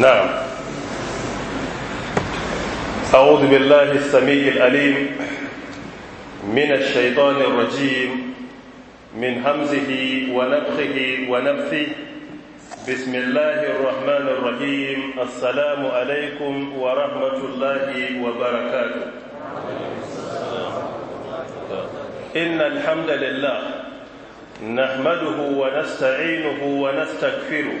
نعم أعوذ بالله السميع الأليم من الشيطان الرجيم من همزه ونفخه ونفثه بسم الله الرحمن الرحيم السلام عليكم ورحمة الله وبركاته إن الحمد لله نحمده ونستعينه ونستغفره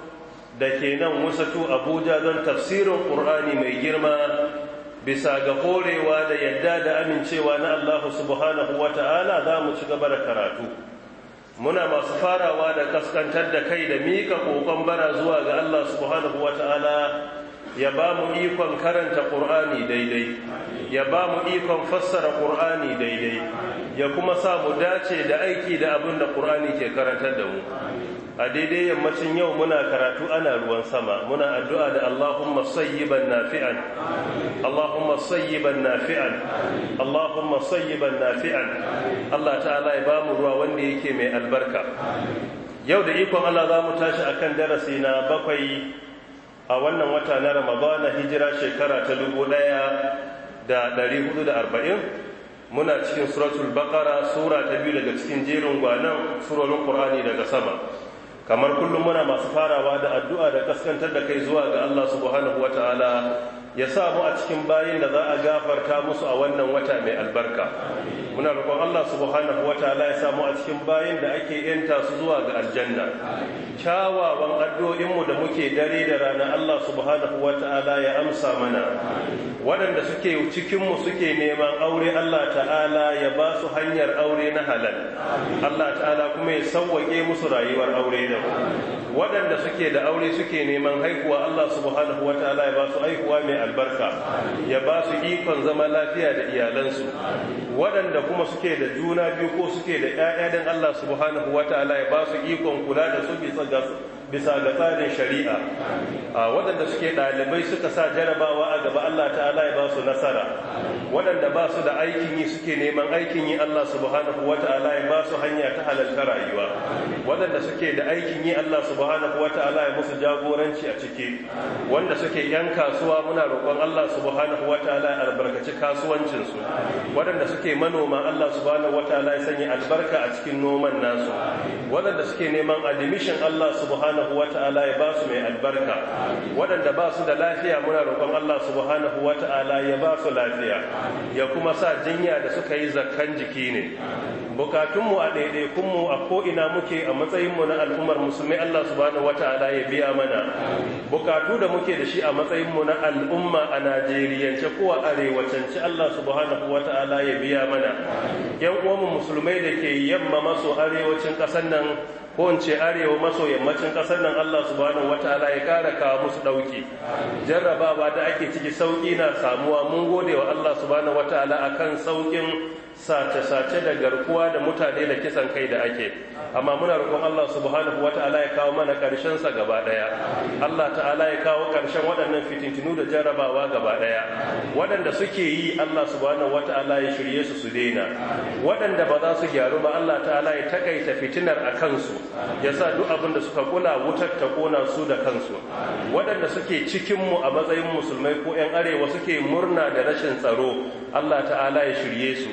da ke nan wasatu abuja don tafsirin ƙur'ani mai girma bisa ga korewa da yadda da amincewa na allahu subhanahu wa ta'ala za mu ci gaba da karatu muna masu farawa da kaskantar da kai da mika ƙoƙon bara zuwa ga allah subhanahu wa ta'ala ya ba mu ikon karanta ƙur'ani daidai ya ba mu ikon fassara ƙur'ani daidai ya kuma sa mu dace da aiki da abin da ƙur'ani ke karantar da mu a daidai yammacin yau muna karatu ana ruwan sama muna addu'a da Allahumma sayyiban nafi'an Allahumma sayyiban nafi'an Allahumma sayyiban nafi'an Allah ta'ala ya ba mu ruwa wanda yake mai albarka yau da ikon Allah za mu tashi akan darasi na bakwai a wannan wata na Ramadana hijira shekara ta dubu ɗaya da ɗari hudu da arba'in muna cikin suratul baqara sura ta biyu daga cikin jerin gwanan surorin qur'ani daga sama kamar kullum muna masu farawa da addu'a da kaskantar da kai zuwa ga Allah subhanahu wataala ya sa mu a cikin bayin da za a gafarta musu a wannan wata mai albarka muna roƙon Allah subhanahu wataala ya sa mu a cikin bayin da ake yanta su zuwa ga aljanna kyawawan addu'o'inmu da muke dare da rana Allah subhanahu wataala ya amsa mana waɗanda suke cikin mu suke neman aure Allah ta'ala ya ba su hanyar aure na halal Allah ta'ala kuma ya sauwaƙe musu rayuwar aure da waɗanda suke da aure suke neman haihuwa Allah subhanahu wataala ya ba su haihuwa mai albarka ya ba su ikon zama lafiya da iyalansu waɗanda kuma suke da juna biyu ko suke da 'ya'ya don Allah subhanahu wa ta'ala ya ba su ikon kula da su bi ga bisa ga tsarin shari'a waɗanda suke ɗalibai suka sa jarabawa a gaba Allah ta'ala ya ba su nasara waɗanda ba su da aikin yi suke neman aikin yi Allah subhanahu wa ta'ala ya ba su hanya ta halalta rayuwa waɗanda suke da aikin yi Allah subhanahu wa ta'ala ya musu jagoranci a ciki wanda suke yan kasuwa muna roƙon Allah subhanahu wa ta'ala ya albarkaci kasuwancinsu waɗanda suke manoma Allah subhanahu wa ta'ala ya sanya albarka a cikin noman nasu waɗanda suke neman admission Allah subhanahu subhanahu wa ya ba su mai albarka waɗanda ba su da lafiya muna roƙon Allah subhanahu wa ta'ala ya ba su lafiya ya kuma sa jinya da suka yi zakkan jiki ne mu a ɗaiɗaikunmu a ko'ina muke a matsayinmu na al'ummar musulmi Allah subhanahu wa ta'ala ya biya mana bukatu da muke da shi a matsayinmu na al'umma a najeriyance ko a arewacin ci Allah subhanahu wa ta'ala ya biya mana yan uwanmu musulmai da ke yamma maso arewacin ƙasar nan ko in ce arewa maso yammacin kasar nan Allah subhanahu wataala ya kara kawo musu dauki jarrabawa da ake ciki sauki na samuwa mun gode wa Allah subhanahu wataala akan saukin sace-sace da garkuwa da mutane da kisan kai da ake amma muna roƙon Allah subhanahu wata'ala ya kawo mana ƙarshen sa gaba ɗaya Allah ta'ala ya kawo ƙarshen waɗannan fitintinu da jarabawa gaba ɗaya waɗanda suke yi Allah subhanahu wata'ala ya shirye su su daina waɗanda ba za su gyaru ba Allah ta'ala ya takaita fitinar a kansu ya sa duk abin da suka kula wutar ta kona su da kansu waɗanda suke cikin mu a matsayin musulmai ko 'yan arewa suke murna da rashin tsaro Allah ta'ala ya shirye su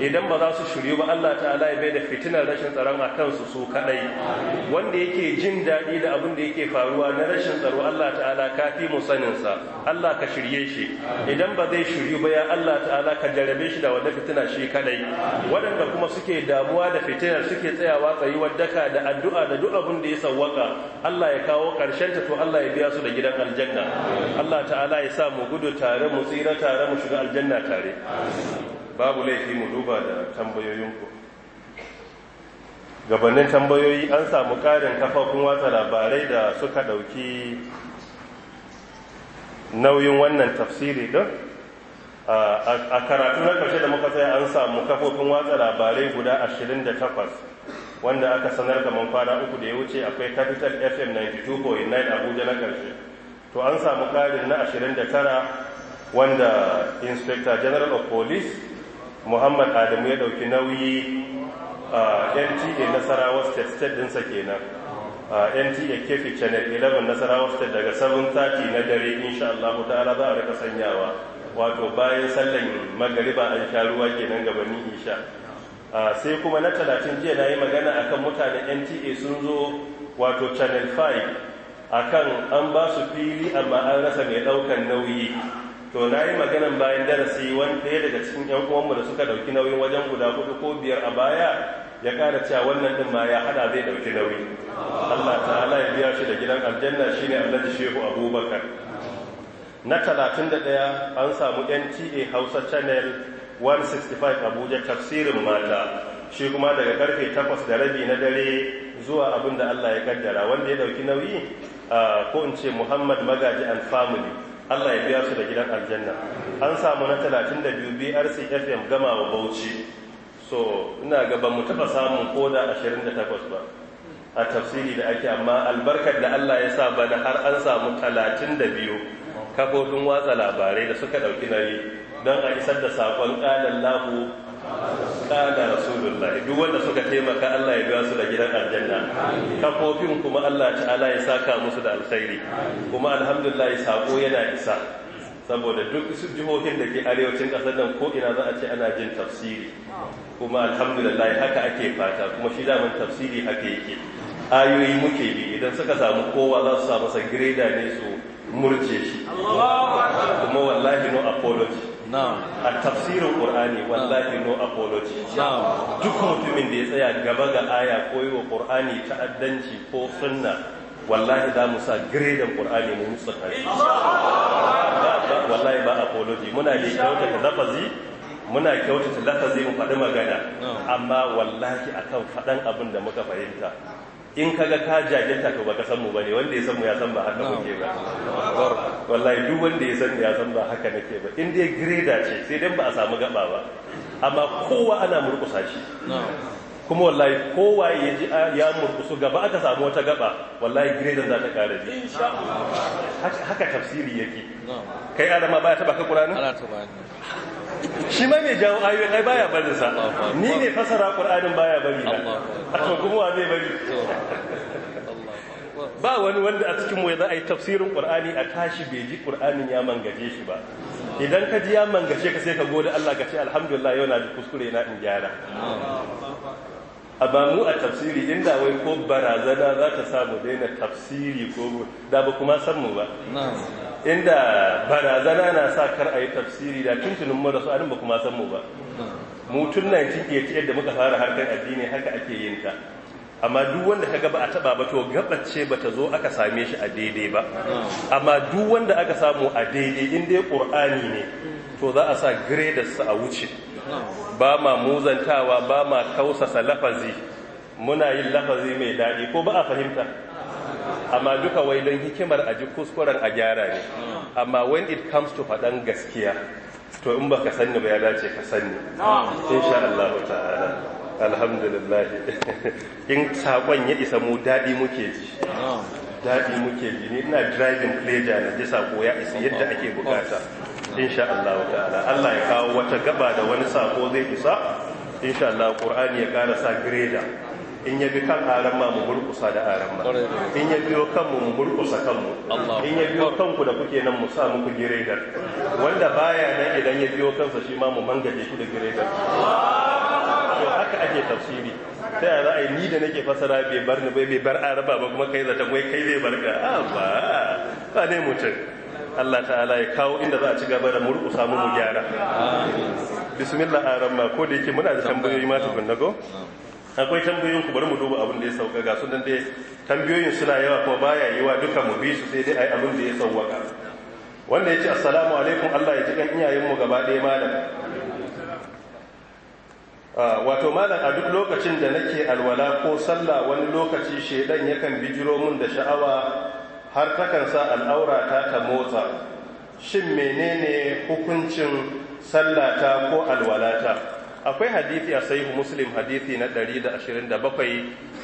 idan ba za su shirye ba Allah ta'ala ya bai da fitinar rashin tsaron a kansu su kadai wanda yake jin daɗi da abin da yake faruwa na rashin tsaro Allah ta'ala ka fi mu saninsa Allah ka shirye shi idan ba zai shiryu ba ya Allah ta'ala ka jarabe shi da wadda fitina shi kadai waɗanda kuma suke damuwa da fitinar suke tsayawa tsayi wadaka, da addu'a da duk abin da ya sawwaka Allah ya kawo ƙarshen ta to Allah ya biya su da gidan aljanna Allah ta'ala ya sa mu gudu tare mu tsira tare mu shiga aljanna tare babu laifi mu duba da tambayoyinku gabanin tambayoyi an samu karin kafafun watsa labarai da suka ɗauki nauyin wannan tafsiri ɗin a karatu na karshe da muka saya an samu kafofin watsa labarai guda 28 wanda aka sanar kamar kwana uku da ya wuce akwai capital fm 92.9 abuja na karshe to an samu ƙarin na 29 wanda inspector general of police muhammad adamu ya ɗauki nauyi Uh, nta nasarawa state state dinsa kenan uh, nta kefi channel 11 nasarawa state daga 7:30 na dare insha Allah ta'ala za a rika sanyawa wato bayan sallan magariba an sha ruwa kenan gabanin isha uh, sai kuma na 30 jiya na yi magana akan mutanen nta sun zo wato channel 5 akan an ba su fili amma an rasa mai daukan nauyi to na yi maganan bayan darasi wani ɗaya daga cikin yan uwanmu da suka ɗauki nauyin wajen guda hudu ko biyar a baya ya kara cewa wannan din ma ya haɗa zai ɗauki nauyi allah ta'ala ya biya shi da gidan aljanna shine Allah shehu abubakar na 31 an samu nta hausa channel 165 abuja tafsirin mata shi kuma daga karfe 8 da rabi na dare zuwa abin da allah ya kaddara wanda ya dauki nauyi ko in ce muhammad magaji and family Allah ya biya su da gidan aljanna an samu na 32 BRC FM gama wa Bauchi so ina ga mu taba samun da 28 ba a tafsiri da ake amma albarkar da Allah ya sa bana har an samu 32 kafofin watsa labarai da suka dauki nauyi don a isar da sakon kalan lahu kana rasulullahi duk wanda suka taimaka Allah ya biya su da gidan aljanna kafofin kuma Allah ala ya saka musu da alkhairi kuma alhamdulillah sako yana isa saboda duk su jihohin da ke arewacin ƙasar nan ko ina za a ce ana jin tafsiri kuma alhamdulillah haka ake fata kuma shi zaman tafsiri haka yake ayoyi muke bi idan suka samu kowa za su sa ne su murje shi kuma wallahi no apology a tafsirin qur'ani wallahi no apology duk mutumin da ya tsaya gaba ga aya ko yi wa qur'ani ta'addanci ko sunna wallahi za mu sa giredin ƙur'ani mu musu ƙarfi wallahi ba apology muna da kyautata lafazi muna ta lafazi mu faɗi magana amma wallahi akan faɗan abin da muka fahimta in kaga ka jajanta to baka san mu bane wanda ya san mu ya san ba haka muke ba wallahi duk wanda ya san ya san ba haka nake ba in dai grader ce sai dan ba a samu gaba ba amma kowa ana murkusa shi kuma wallahi kowa ya ji ya murkusu gaba aka samu wata gaba wallahi giredan za ta kare ji haka tafsiri yake kai adama baya taba ka qur'ani ana taba shi ma mai jawo ayoyin ai baya bari sa ni ne fasara qur'anin baya bari na to kuma zai bari ba wani wanda a cikin mu za a yi tafsirin qur'ani a tashi bai ji qur'anin ya mangaje shi ba idan ka ji ya mangaje ka sai ka gode Allah ka ce alhamdulillah yau na ji kuskure na in gyara a ba mu a tafsiri inda wai ko barazana za ta samu daina tafsiri ko da ba kuma san mu ba inda barazana na sa kar a yi tafsiri da tuntunin mu da su adin ba kuma san mu ba mu tun 1988 da muka fara harkar addini haka ake yin ta amma duk wanda kaga ba a taba ba to gabace bata zo aka same shi a daidai ba amma duk wanda aka samu a daidai in dai qur'ani ne to za a sa sa a wuce ba ma muzantawa ba ma kausasa lafazi muna yin lafazi mai daɗi ko ba a fahimta amma duka wai don hikimar a ji kuskuren a gyara ne amma when it comes to faɗan gaskiya to in baka sanni ba ya dace ka sanni insha alhamdulillah in sakon ya isa mu daɗi muke ji daɗi muke ji ni ina driving pleasure na ji sako ya isa yadda ake bukata insha Allah ta'ala Allah ya kawo wata gaba da wani sako zai isa insha Allah Qur'ani ya ƙara sa greda in ya bi kan aran ma mu burkusa da aran ma in ya biyo kanmu mu burkusa kanmu in ya biyo kanku da kuke nan mu sa muku giredar wanda baya nan idan ya biyo kansa shi ma mu mangaje shi da giredar to haka ake tafsiri ta yaya za a ni da nake fasara bai bar ni bai bar araba ba kuma kai zata kai zai barka ka ba ba ne mutum Allah ta'ala ya kawo inda za a ci gaba da murku mu mu gyara bismillah arama ko da yake muna da tambayoyi ma tukun nago akwai tambayoyin ku bari mu duba abin da ya sauka ga su dan dai tambayoyin suna yawa kuma baya yiwa duka mu bi su sai dai ai abin da ya sauka wanda ya ce assalamu alaikum Allah ya ji kan iyayen mu gaba ɗaya malam Ah, wato malam a duk lokacin da nake alwala ko sallah wani lokaci shedan yakan bijiro mun da sha'awa har takan sa al'aura ta ta motsa shin menene hukuncin sallata ko alwalata akwai hadisi a sahihu muslim hadisi na 127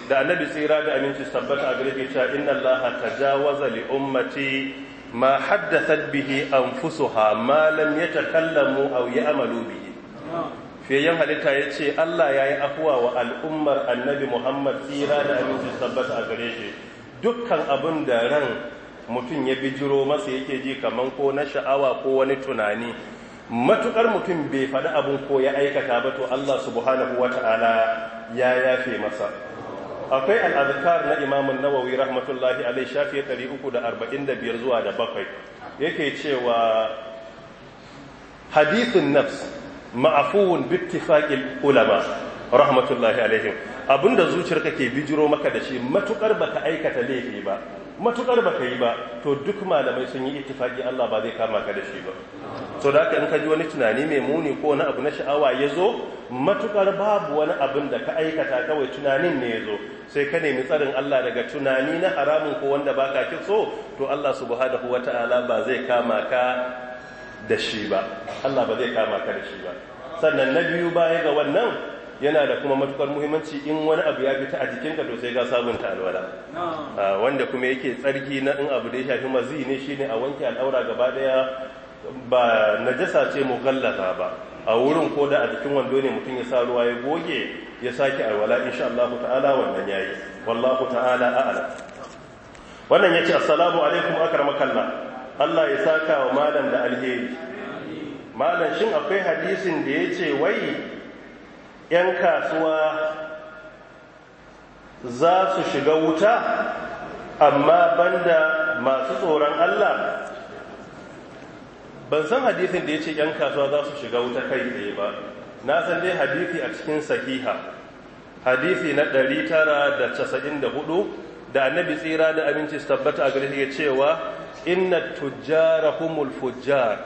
da annabi tsira da aminci tabbata a gari cewa inna allaha tajawaza li ummati ma haddathat bihi anfusuha ma lam yatakallamu aw ya'malu bihi ah. fiye halitta ya ce Allah ya yi afuwa wa al'ummar annabi Muhammad tsira da aminci sabbata a gare shi dukkan abin da ran mutum ya bijiro masa yake ji kamar ko na sha'awa ko wani tunani matukar mutum bai faɗi abin ko ya aikata ba to Allah subhanahu ta'ala ya yafe masa akwai al'adukar na imamun nawawi rahmatullahi alai shafi 345 zuwa da bakwai yake cewa hadithun nafs ma'afuwun bittifaƙil ulama rahmatullahi alaihim abinda zuciyarka ke bijiro maka da shi matukar baka aikata laifi ba matukar baka yi ba to duk malamai sun yi ittifaki Allah ba zai kama ka da shi ba so da haka in ka ji wani tunani mai muni ko wani abu na sha'awa ya zo matukar babu wani abin da ka aikata kawai tunanin ne ya zo sai ka nemi tsarin Allah daga tunani na haramun ko wanda baka ki so to Allah subhanahu wata'ala ba zai kama ka da shi ba Allah ba zai kama ka da shi ba sannan na biyu baya ga wannan yana da kuma matukar muhimmanci in wani abu ya fita a ka to sai ka ta alwala wanda kuma yake tsarki na in abu da ya shafi mazi ne shine a wanke al'aura gaba daya ba najasa ce mughallaza ba a wurin ko da a jikin wando ne mutum ya sa ruwa ya goge ya sake alwala insha Allah ta'ala wannan yayi wallahu ta'ala a'lam wannan yace assalamu alaikum akramakallah Allah ya saka wa malam da alheri malam shin akwai hadisin da ya ce wai 'yan kasuwa za su shiga wuta amma banda masu tsoron Allah ban san hadisin da ya ce 'yan kasuwa za su shiga wuta kai tsaye ba na san dai hadisi a cikin sahiha hadisi na 994 da annabi tsira da aminci su tabbata a gare cewa inna tujjara humul fujjar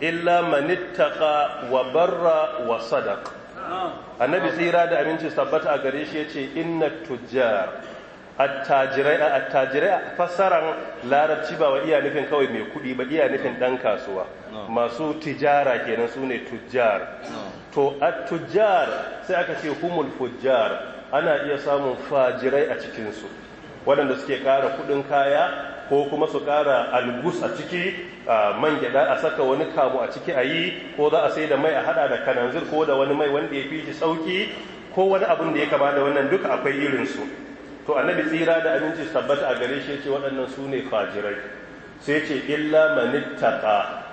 illa manittaka wa barra wa sadaq annabi tsira da aminci sabbata a gare shi yace inna tujjar attajirai attajirai a fassaran larabci ba wa iya nufin kawai mai kudi ba iya nufin dan kasuwa masu tijara kenan sune tujjar to at-tujjar sai aka ce humul fujjar ana iya samun fajirai a cikinsu. su waɗanda suke ƙara kuɗin kaya ko kuma su ƙara algus a ciki man gyaɗa a saka wani kamu a ciki a yi ko za a sai da mai a haɗa da kananzir ko da wani mai wanda ya fi shi sauki ko wani abin da ya kama da wannan duka akwai irinsu to annabi tsira da abinci su tabbata a gare shi ya ce waɗannan su ne fajirai sai ce illa manittaka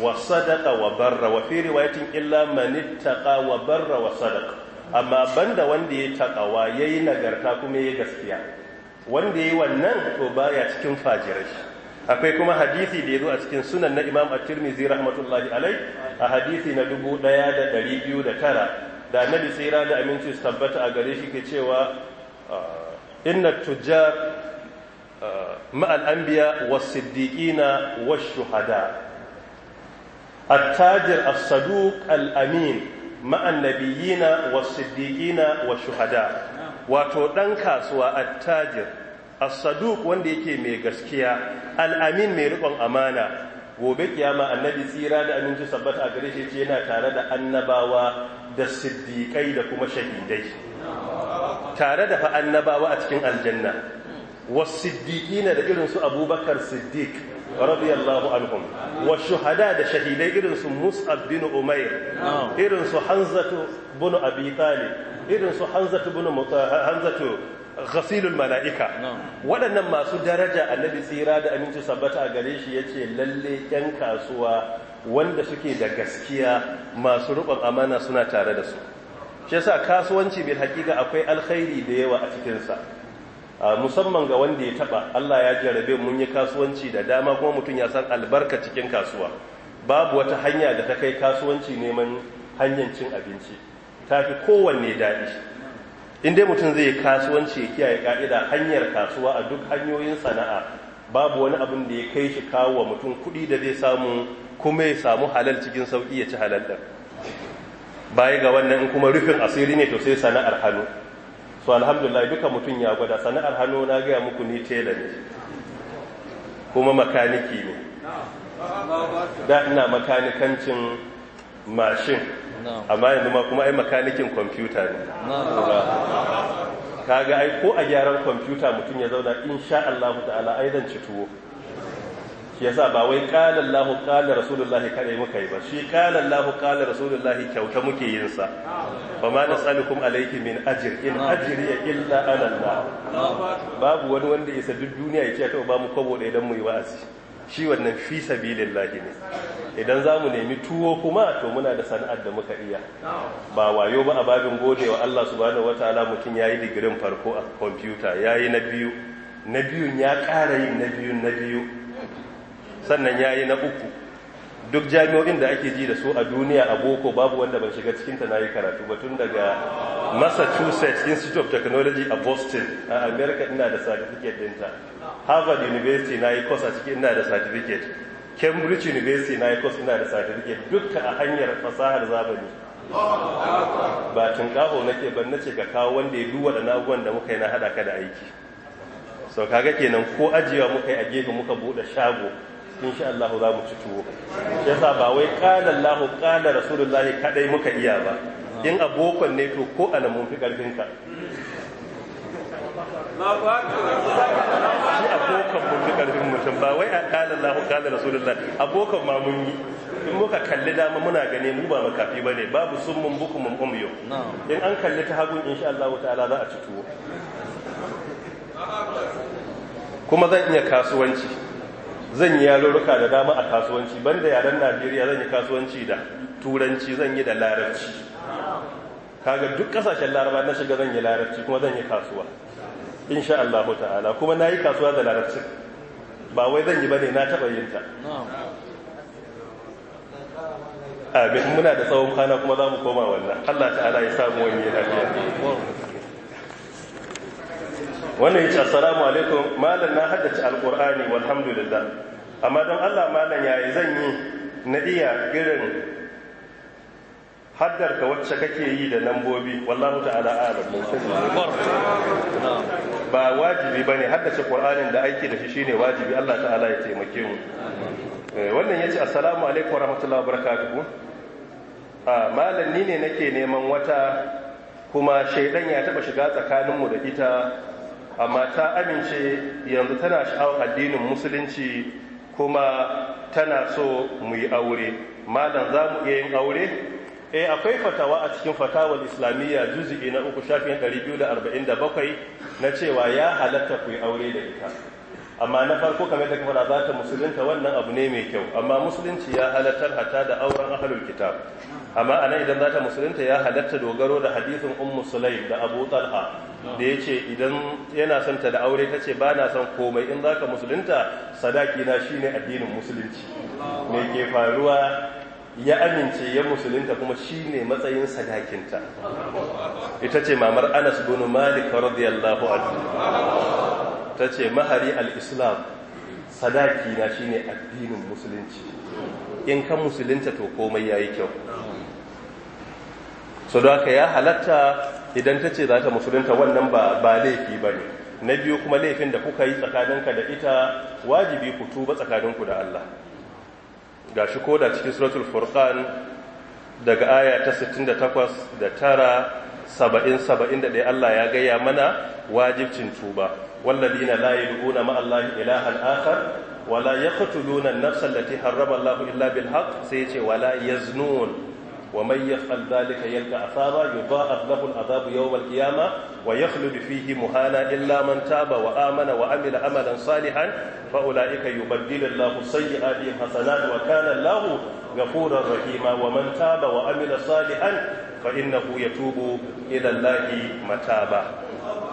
wa sadaka wa barra wa fi riwayatin illa manittaka wa barra wa sadaka amma banda wanda ya takawa yayi nagarta kuma ya gaskiya wanda yi wannan to baya cikin fajirai akwai kuma hadisi da ya zo a cikin sunan na imam at-tirmidhi rahmatullahi alai a hadisi na 1209 da annabi tsira da aminci su tabbata a gare shi ke cewa ah, inna tujjar ah, ma'al anbiya was siddiqina wash shuhada التاجر الصدوق الأمين wa النبيين والصديقين shuhada. wato ɗan kasuwa attajir a saduq wanda yake mai gaskiya al'amin mai riƙon amana gobe kiyama annabi tsira da aminci sabbata a gare shi yana tare da annabawa da siddiƙai da kuma shahidai tare da fa annabawa a cikin aljanna siddiƙi na da irin su abubakar siddiq radiyallahu anhum wa shuhada da shahidai irin su Mus'ab bin Umair irin su Hanzatu bin Abi irin su Hanzatu bin Hanzatu ghasilul mala'ika waɗannan masu daraja a nabi tsira da aminci sabbata a gare shi yace lallai yan kasuwa wanda suke da gaskiya masu rubin amana suna tare da su shi yasa kasuwanci bil hakika akwai alkhairi da yawa a cikinsa. musamman ga wanda ya taba Allah ya jarabe mun yi kasuwanci da dama kuma mutum ya san albarka cikin kasuwa babu wata hanya da ta kai kasuwanci neman hanyar cin abinci ta fi kowanne daɗi in dai mutum zai yi kasuwanci ya kiyaye ka'ida hanyar kasuwa a duk hanyoyin sana'a babu wani abin da ya kai shi kawo wa mutum kuɗi da zai samu kuma ya samu halal cikin sauƙi ya ci halal ɗin baya ga wannan in kuma rufin asiri ne to sai sana'ar hannu so alhamdulillah duka mutum ya gwada sana'ar hannu na gaya muku ni tela ne kuma makaniki ne da ina makanikancin mashin amma yanzu ma kuma ai makanikin kwamfuta ne kaga ai ko a gyaran kwamfuta mutum ya zauna insha'Allah ta'ala ai zan ci tuwo yasa ba wai qala Allah qala rasulullahi kadai muka yi ba shi qala Allah qala rasulullahi kyauta muke yin sa ba ma nasalukum alaiki min ajir in ya illa alalla babu wani wanda isa duk duniya ya ce ta ba mu kwabo da idan mu yi wa'azi shi wannan fi lahi ne idan zamu nemi tuwo kuma to muna da sana'ar da muka iya ba wayo ba a babin godewa Allah subhanahu wataala ya yi digirin farko a ya yi na biyu na biyun ya ƙara yin na biyun na biyu sannan ya yi na uku duk jami'o'in da ake ji da su a duniya a boko babu wanda ban shiga cikinta na yi karatu ba tun daga massachusetts institute of technology a boston a america ina da certificate dinta harvard university na yi course a ciki ina da certificate cambridge university na yi course ina da certificate dukka a hanyar fasahar zamani ba tun na nake ban nace ka kawo wanda ya duwa da naguwan da muka yi na haɗa ka da aiki sau kaga kenan ko ajiyewa muka yi a gefe muka buɗe shago insha Allah za mu ci tuwo shi yasa ba wai qala Allah qala rasulullah kadai muka iya ba in abokan ne to ko ana mun fi karfin ka shi abokan mun fi karfin mutum ba wai qala Allah qala rasulullah abokan ma mun yi in muka kalli dama muna gane mu ba makafi ba ne babu sun mun buku mun umyo in an kalli ta hagun insha Allah ta'ala za a ci tuwo kuma zan iya kasuwanci zan yi yarurruka da dama a kasuwanci banda yaren najeriya zan yi kasuwanci da turanci zan yi da larabci kaga duk kasashen laraba na shiga zan yi larabci kuma zan yi kasuwa insha Allah ta'ala kuma na yi kasuwa da larabci ba wai zan yi bane na taɓa yin ta abin muna da tsawon kana kuma za mu koma wannan Allah ta'ala ya samu wani lafiya wannan yace assalamu alaikum malam na haddace alqur'ani walhamdulillah amma don Allah malam yayi zan yi na iya irin haddar ka wacce kake yi da lambobi wallahu ta'ala a'lam ba wajibi bane haddace qur'anin da aiki da shi shine wajibi Allah ta'ala ya taimake mu eh, wannan yace assalamu alaikum warahmatullahi wabarakatuh a ah, malam ni ne nake neman wata kuma shaidan ya taba shiga tsakaninmu da ita amma ta amince yanzu tana sha'awar addinin musulunci kuma tana so mu yi aure malam za mu iya yin aure eh akwai fatawa a cikin fatawar islamiyya juzi'i na uku shafin 247 na cewa ya halatta ku yi aure da ita amma na farko kamar da kafa za ta musulunta wannan abu ne mai kyau amma musulunci ya halattar hata da auren ahlul kitab amma anan idan zata ta musulunta ya halatta dogaro da hadisin ummu sulaim da abu talha da ya ce idan yana son ta da aure ta ce ba na son komai in zaka musulunta sadaki na ne addinin musulunci me ke faruwa ya amince ya musulunta kuma shi ne matsayin sadakinta ita ce mamar anas bin malik radiyallahu anhu ta ce mahari al-islam sadaki na shine addinin musulunci in kan musulunta to komai yayi kyau so da aka ya halatta idan ta ce za ta musulunta wannan ba laifi ba ne na biyu kuma laifin da kuka yi tsakaninka da ita wajibi ku tuba tsakaninku da Allah ga shi ko da cikin suratul furqan daga aya ta 68 da tara saba'in saba'in da ɗaya Allah ya gaya mana wajibcin tuba والذين لا يدعون مع الله إلها آخر ولا يقتلون النفس التي حرم الله إلا بالحق سيتي ولا يزنون ومن يفعل ذلك يلقى أثاما يضاعف له العذاب يوم القيامة ويخلد فيه مهانا إلا من تاب وآمن وعمل عملا صالحا فأولئك يبدل الله سيئاتهم حسنات وكان الله غفورا رحيما ومن تاب وعمل صالحا فإنه يتوب إلى الله متابا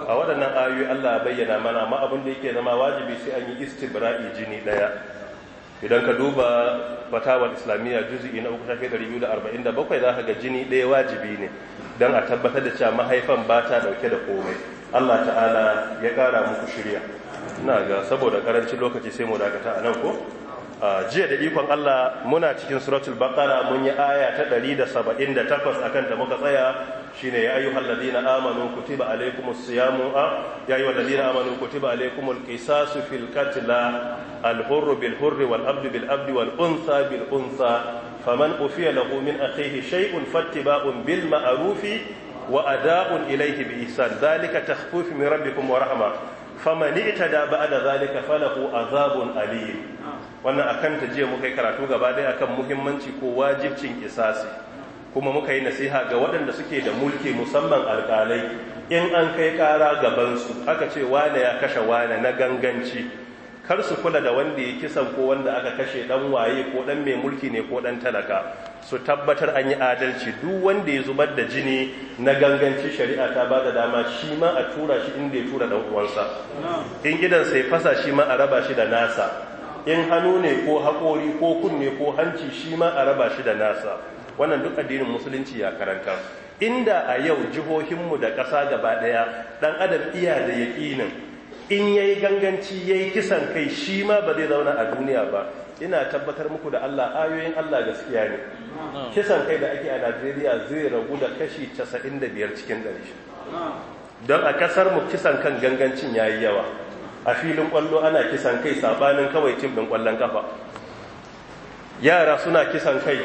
a waɗannan ayoyi Allah bayyana mana ma abin da yake zama wajibi sai an yi istibra'i jini daya idan ka duba fatawar islamiyya juzu'i na uku da bakwai za ka ga jini ɗaya wajibi ne don a tabbatar da cewa mahaifan ba ta ɗauke da komai Allah ta'ala ya ƙara muku shirya na ga saboda ƙarancin lokaci sai mu dakata a nan ko Ah, jiya da ikon Allah muna cikin suratul baqara mun yi aya ta 178 akan da muka tsaya shine ya ayyuhal ladina amanu kutiba alaykumus siyamu ah, ya ayyuhal ladina amanu kutiba alaykumul qisasu fil qatla al hurru bil hurri wal abdu bil abdi wal unsa bil unsa faman ufiya lahu min akhihi shay'un fattiba'un bil ma'rufi wa ada'un ilayhi bi ihsan dhalika takhfifun min rabbikum wa rahmah famani ita da ba da zalika falahu azabun Aliyu, wannan a kanta jiya muka yi karatu gaba ɗaya kan muhimmanci ko wajibcin kisasi kuma muka yi nasiha ga waɗanda suke da mulki musamman alƙalai in an kai ƙara gabansu aka ce wane ya kashe wane na ganganci kar su kula da wanda ya kisan ko wanda aka kashe dan waye ko dan mai mulki ne ko dan talaka su tabbatar an yi adalci duk wanda ya zubar da jini na ganganci shari'a ta ba da dama shi ma a tura shi inda ya tura dan uwansa in gidan sai fasa shi ma a raba shi da nasa in hannu ne ko haƙori ko kunne ko hanci shi ma a raba shi da nasa wannan duk addinin musulunci ya karanta inda a yau jihohinmu da ƙasa gaba ɗaya ɗan adam iya da yaƙinin in ya yi ganganci ya yi kisan kai shi ma ba zai zauna a duniya ba ina tabbatar muku da Allah ayoyin Allah gaskiya ne kisan kai da ake a Najeriya zai ragu da kashi 95 cikin ɗari don a kasar mu kisan kan gangancin ya yi yawa a filin kwallo ana kisan kai sabanin kawai tim din kwallon kafa yara suna kisan kai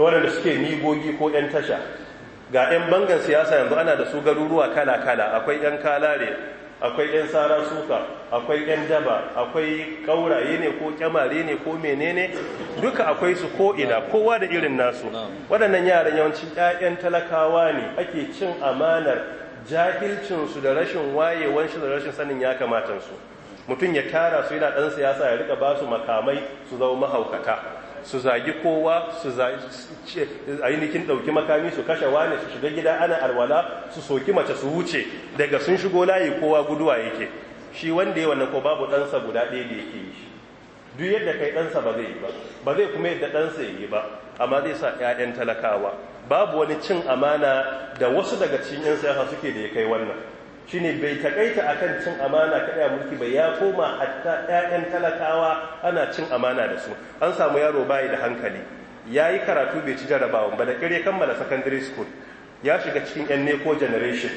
waɗanda suke migogi ko 'yan tasha ga 'yan bangan siyasa yanzu ana da su garuruwa kala-kala akwai 'yan kalare akwai 'yan tsara suka akwai 'yan daba akwai ƙauraye ne ko kyamare ne ko menene duka akwai su ko'ina kowa da irin nasu waɗannan yaran yawanci 'ya'yan talakawa ne ake cin amanar jahilcinsu da rashin shi da rashin sanin ya kamatansu mutum ya tara su yana ɗan siyasa ya rika ba su makamai su zama mahaukata su zagi kowa su ainihin ɗauki makami su kashe wane su shiga gida ana alwala su soki mace su wuce daga sun shigo layi kowa guduwa yake shi wanda ya wannan ko babu ɗansa guda ɗaya da yake yi duk yadda kai ɗansa ba zai yi ba ba zai kuma yadda ɗansa ya yi ba amma zai sa 'ya'yan talakawa babu wani cin amana da wasu daga cikin 'yan siyasa suke da ya kai wannan shine bai takaita akan cin amana ta ɗaya mulki bai ya koma hatta 'ya'yan talakawa ana cin amana da su an samu yaro bayi da hankali ya yi karatu bai ci jarabawan ba da kire kammala secondary school ya shiga cikin 'yan neko generation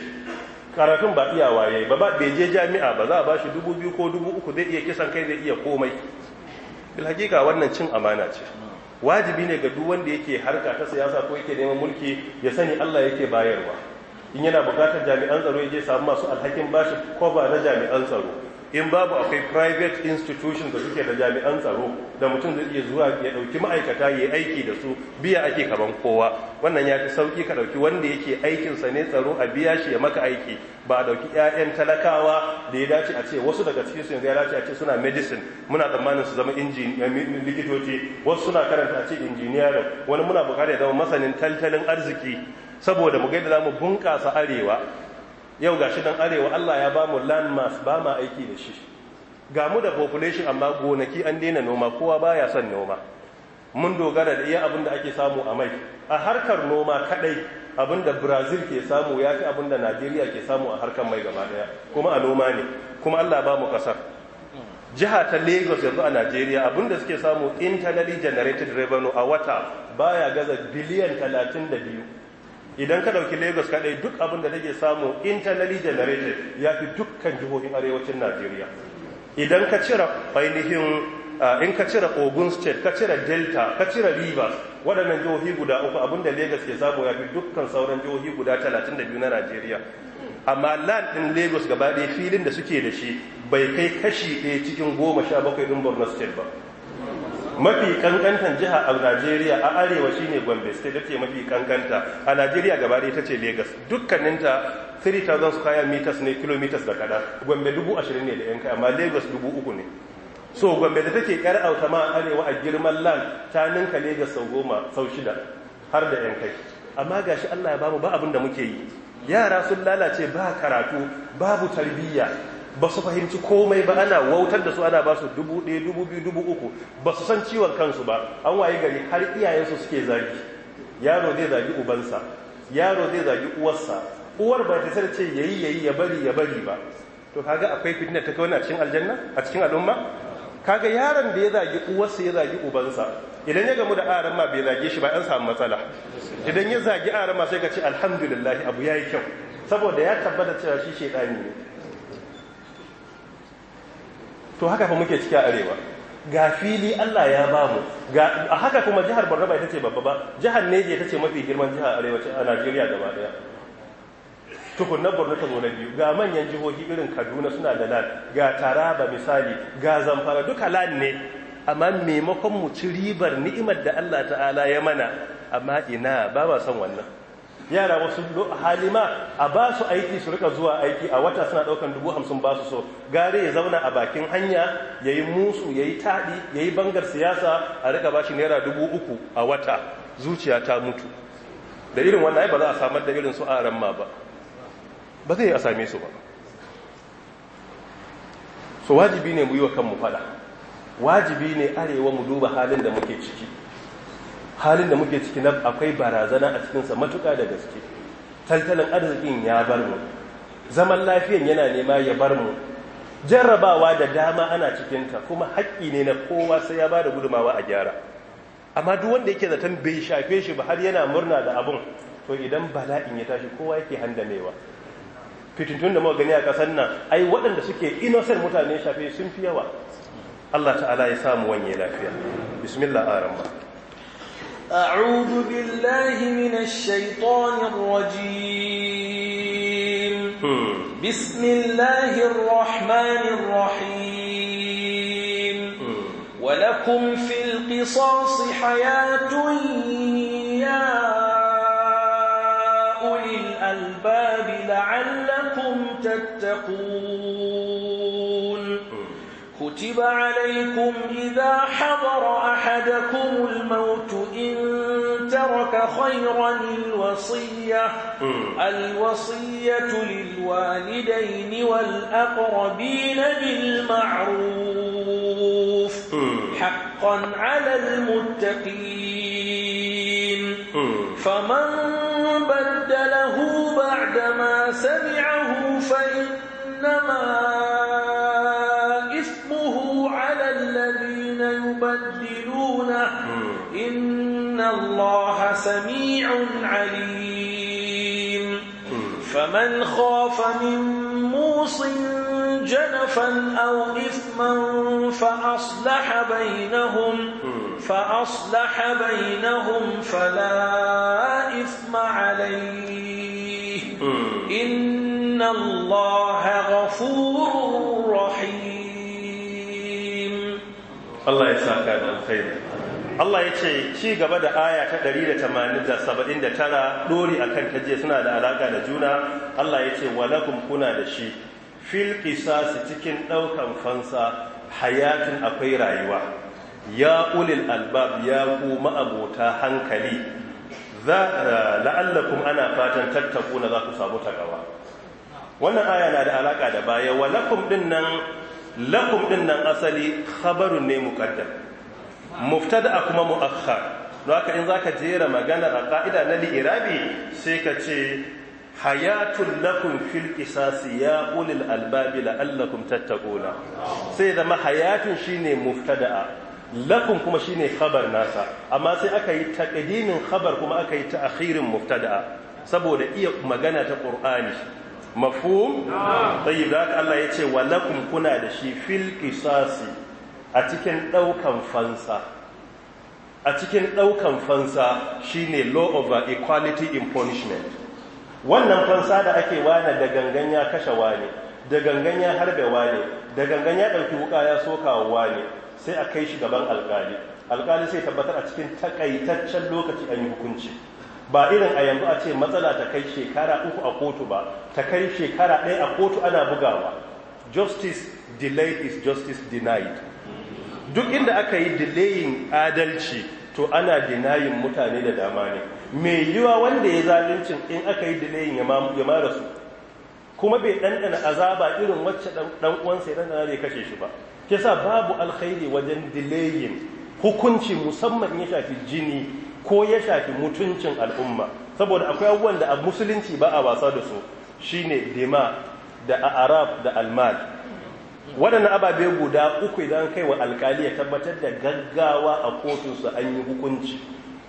karatun ba iya waye ba ba bai je jami'a ba za a ba shi dubu biyu ko dubu uku zai iya kisan kai zai iya komai hakika wannan cin amana ce wajibi ne ga duk wanda yake harka ta siyasa ko yake neman mulki ya sani allah yake bayarwa in yana bukatar jami'an tsaro ya je samu masu alhakin bashi ba na jami'an tsaro in babu akwai private institution da suke da jami'an tsaro da mutum zai iya zuwa ya dauki ma'aikata ya yi aiki da su biya ake kaman kowa wannan ya fi sauki ka dauki wanda yake aikin sa ne tsaro a biya shi ya maka aiki ba a dauki ƴaƴan talakawa da ya dace a ce wasu daga cikin su ya dace a ce suna medicine muna tsammanin su zama eh, likitoci wasu suna karanta a ce engineering wani muna bukatar ya zama masanin tattalin arziki saboda mu gaida zamu bunƙasa arewa yau ga shi dan arewa Allah ya ba mu mass ba ma aiki da shi ga mu da population amma gonaki an daina noma kowa baya son noma mun dogara da iya abin da ake samu a mai a harkar noma kaɗai abin da brazil ke samu ya fi abin da najeriya ke samu a harkar mai gaba daya kuma a noma ne kuma allah ba mu kasar jiha ta lagos yanzu a najeriya abin da suke samu internally generated revenue a wata baya gaza biliyan talatin da biyu. idan ka ɗauki lagos kaɗai duk abin da nake samu internally generated ya fi dukkan jihohin arewacin najeriya idan ka cire ainihin eh, in ka cire ogun state ka cire delta ka cire rivers waɗannan jihohi guda uku abin da lagos ke samu ya fi dukkan sauran jihohi guda 32 na najeriya amma land ɗin lagos gaba ɗaya filin da suke da shi bai kai kashi ɗaya cikin goma sha bakwai ɗin borno state ba mafi kankantan jiha a Najeriya a arewa shine Gombe state da ce mafi kankanta a Najeriya gaba ɗaya ita ce Lagos dukkaninta 3000 square meters ne kilometers da kada Gombe 20,000 ne da yanka amma Lagos 3,000 ne so Gombe da take yar auta ma arewa a girman land ta ninka Lagos sau goma sau shida har da yanka amma gashi Allah ya bamu ba abin da muke yi yara sun lalace ba karatu babu tarbiyya ba su fahimci komai ba ana wautar da su ana ba su dubu ɗaya dubu biyu dubu uku ba su san ciwon kansu ba an waye gari har iyayensu suke zagi yaro zai zagi ubansa yaro zai zagi uwarsa uwar ba ta sai ce yayi yayi ya bari ya bari ba to kaga akwai fitina ta kauna a cikin aljanna a cikin al'umma kaga yaron da ya zagi uwarsa ya zagi ubansa idan ya gamu da aran ma bai zage shi ba an samu matsala idan ya zagi aran ma sai ka ce alhamdulillah abu yayi kyau saboda ya tabbata cewa shi shedani ne to haka fa muke ciki a arewa ga fili Allah ya ba mu a haka kuma jihar Borno ita ce babba ba jihar Neje ita ce mafi girman jiha a arewacin a Najeriya gaba daya tukunna Borno ta zo na biyu ga manyan jihohi irin Kaduna suna da nan, ga Taraba misali ga Zamfara duka lan ne amma maimakon mu ci ribar ni'imar da Allah ta'ala ya mana amma ina ba ba son wannan yara wasu halima a ba su aiki su rika zuwa aiki a wata suna daukan dubu hamsin ba su so gare ya zauna a bakin hanya ya yi musu ya yi taɗi ya yi bangar siyasa a rika ba shi naira dubu uku a wata zuciya ta mutu da irin wannan ba za a samar da irin su a ramma ba ba zai yi a same su ba so wajibi ne mu yi wa kanmu fada wajibi ne arewa mu duba halin da muke ciki halin da muke ciki na akwai barazana a cikinsa matuƙa da gaske tattalin arzikin ya bar mu zaman lafiyan yana nema ya bar mu jarrabawa da dama ana cikinta kuma haƙƙi ne na kowa sai ya bada da gudumawa a gyara amma duk wanda yake zaton bai shafe shi ba har yana murna da abun to idan bala'in ya tashi kowa yake handamewa fitintun da muka gani a ƙasar nan ai waɗanda suke innocent mutane shafe sun fi yawa Allah ta'ala ya samu wanye lafiya bismillah أعوذ بالله من الشيطان الرجيم hmm. بسم الله الرحمن الرحيم hmm. ولكم في القصاص حياة يا أولي الألباب لعلكم تتقون كتب عليكم إذا حضر أحدكم الموت إن ترك خيرا الوصية الوصية للوالدين والأقربين بالمعروف حقا على المتقين فمن بدله بعدما سمعه فإنما إن الله سميع عليم فمن خاف من موص جنفا أو إثما فأصلح بينهم فأصلح بينهم فلا إثم عليه إن الله غفور رحيم الله يسعدك الخير Allah ya ce ci gaba da aya ta 179 dori akan taje suna da alaƙa da juna Allah ya ce walakum kuna da shi fil su cikin ɗaukan fansa hayatin akwai rayuwa ya ulil albab ya ku ma'abota hankali eh, la'allakum ana fatan na za ku samu takawa wannan aya na da alaƙa da baya wa nan lakum ɗin nan asali khabarun ne muqaddam mubtada kuma muakhar don haka in zaka jera magana a ka'ida na li'irabi sai ka ce hayatun lakum fil qisasi ya ulil albabi la'allakum tattaquna sai zama hayatun shine muftada'a, lakum kuma shine khabar nasa amma sai aka yi taqdimin khabar kuma aka yi ta'khirin muftada'a. saboda iya magana ta qur'ani mafhum tayyib da Allah yace wa lakum kuna da shi fil qisasi a cikin ɗaukan fansa a cikin ɗaukan fansa shine law of equality in punishment wannan fansa da ake wane da gangan ya kashe wane da gangan ya harbe wane da gangan ya ɗauki wuka ya soka wane sai a kai shi gaban alƙali alƙali sai tabbatar a cikin takaitaccen lokaci an yi hukunci ba irin a yanzu a ce matsala ta kai shekara uku a kotu ba ta kai shekara ɗaya a kotu ana bugawa justice delayed is justice denied duk inda aka yi dilayin adalci to ana dinayin mutane da dama ne mai yiwa wanda ya zaluncin in aka yi dilayin ya mara su kuma bai ɗanɗana azaba irin wacce ɗan uwansa ya ɗanɗana da kashe shi ba ke sa babu alkhairi wajen dilayin hukunci musamman ya shafi jini ko ya shafi mutuncin al'umma saboda akwai abubuwan da a musulunci ba a wasa da su shine dima da arab da almal waɗannan ababe guda uku idan kai wa alkali ya tabbatar da gaggawa a kotunsu an yi hukunci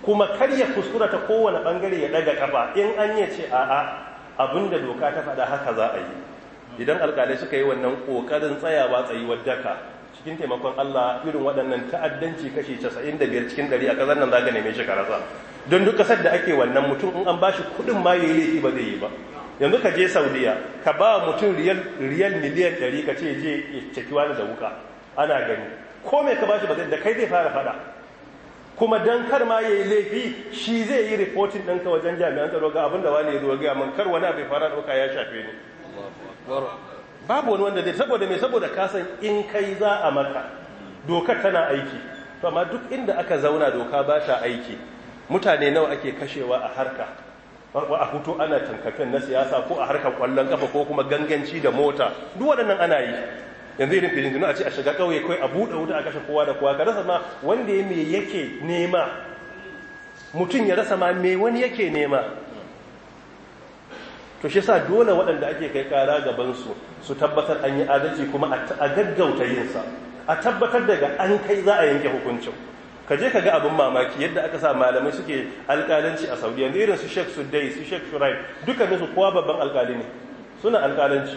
kuma kar ya kuskura ta kowane ɓangare ya ɗaga ƙafa in an ya ce a'a da doka ta faɗa haka za a yi idan alkali suka yi wannan ƙoƙarin tsayawa tsayuwar daka cikin taimakon Allah irin waɗannan ta'addanci kashi 95 cikin ɗari a kazan nan za ka neme shi karasa don duk kasar da ake wannan mutum in an ba shi kuɗin ma ya yi ba zai yi ba yanzu ka je saudiya ka ba mutum riyal miliyan ɗari ka ce je ya da wuka ana gani ko mai ka ba shi ba da kai zai fara fada kuma dan kar ma yayi laifi shi zai yi reporting ɗinka wajen jami'an tsaro ga abin da wani ya zo gaya mun kar wani abu fara ɗauka ya shafe ni babu wani wanda zai saboda mai saboda kasan in kai za a maka dokar tana aiki to amma duk inda aka zauna doka ba ta aiki mutane nawa ake kashewa a harka a hutu ana tankafen na siyasa ko a harkar kwallon kafa ko kuma ganganci da mota duk waɗannan ana yi yanzu irin filin a ce a shiga ƙauye kawai a buɗe wuta a kashe kowa da kowa ka rasa ma wanda ya me yake nema mutum ya rasa ma me wani yake nema to shi sa dole waɗanda ake kai ƙara gabansu su tabbatar an yi adalci kuma a gaggauta yinsa a tabbatar daga an kai za a yanke hukuncin ka je ka ga abin mamaki yadda aka sa malamai suke alƙalanci a saudiya irin su su dai su su rai duka su kowa babban alƙali ne suna alƙalanci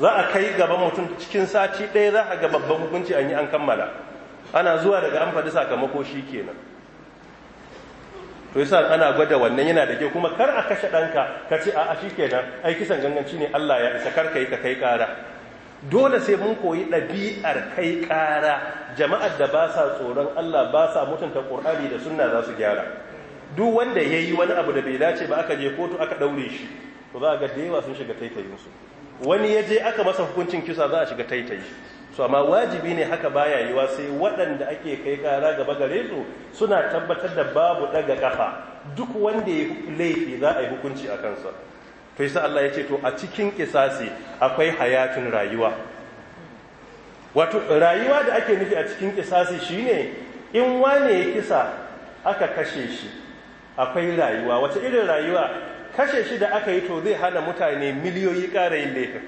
za a kai gaban mutum cikin sati ɗaya za a ga babban hukunci an yi an kammala ana zuwa daga an faɗi sakamako shi kenan to yasa ana gwada wannan yana da kyau kuma kar a kashe ɗanka ka ce a shi kenan ai kisan ganganci ne allah ya isa kar ka yi ka kai ƙara dole sai mun koyi ɗabi'ar kai ƙara jama'ar da ba sa tsoron Allah ba sa mutunta ƙur'ani da suna za su gyara duk wanda ya yi wani abu da bai dace ba aka je kotu aka ɗaure shi to za a ga da yawa sun shiga taitayinsu wani ya je aka masa hukuncin kisa za a shiga taitayi su amma wajibi ne haka baya yiwa sai waɗanda ake kai ƙara gaba gare su suna tabbatar da babu ɗaga ƙafa duk wanda ya laifi za a yi hukunci a kansa to yi Allah ya ce to a cikin kisasi akwai hayatun rayuwa wato rayuwa da ake nufi a cikin kisasi shi ne in wane ya kisa aka kashe shi akwai rayuwa wata irin rayuwa kashe shi da aka yi to zai hana mutane miliyoyi ƙara yin laifin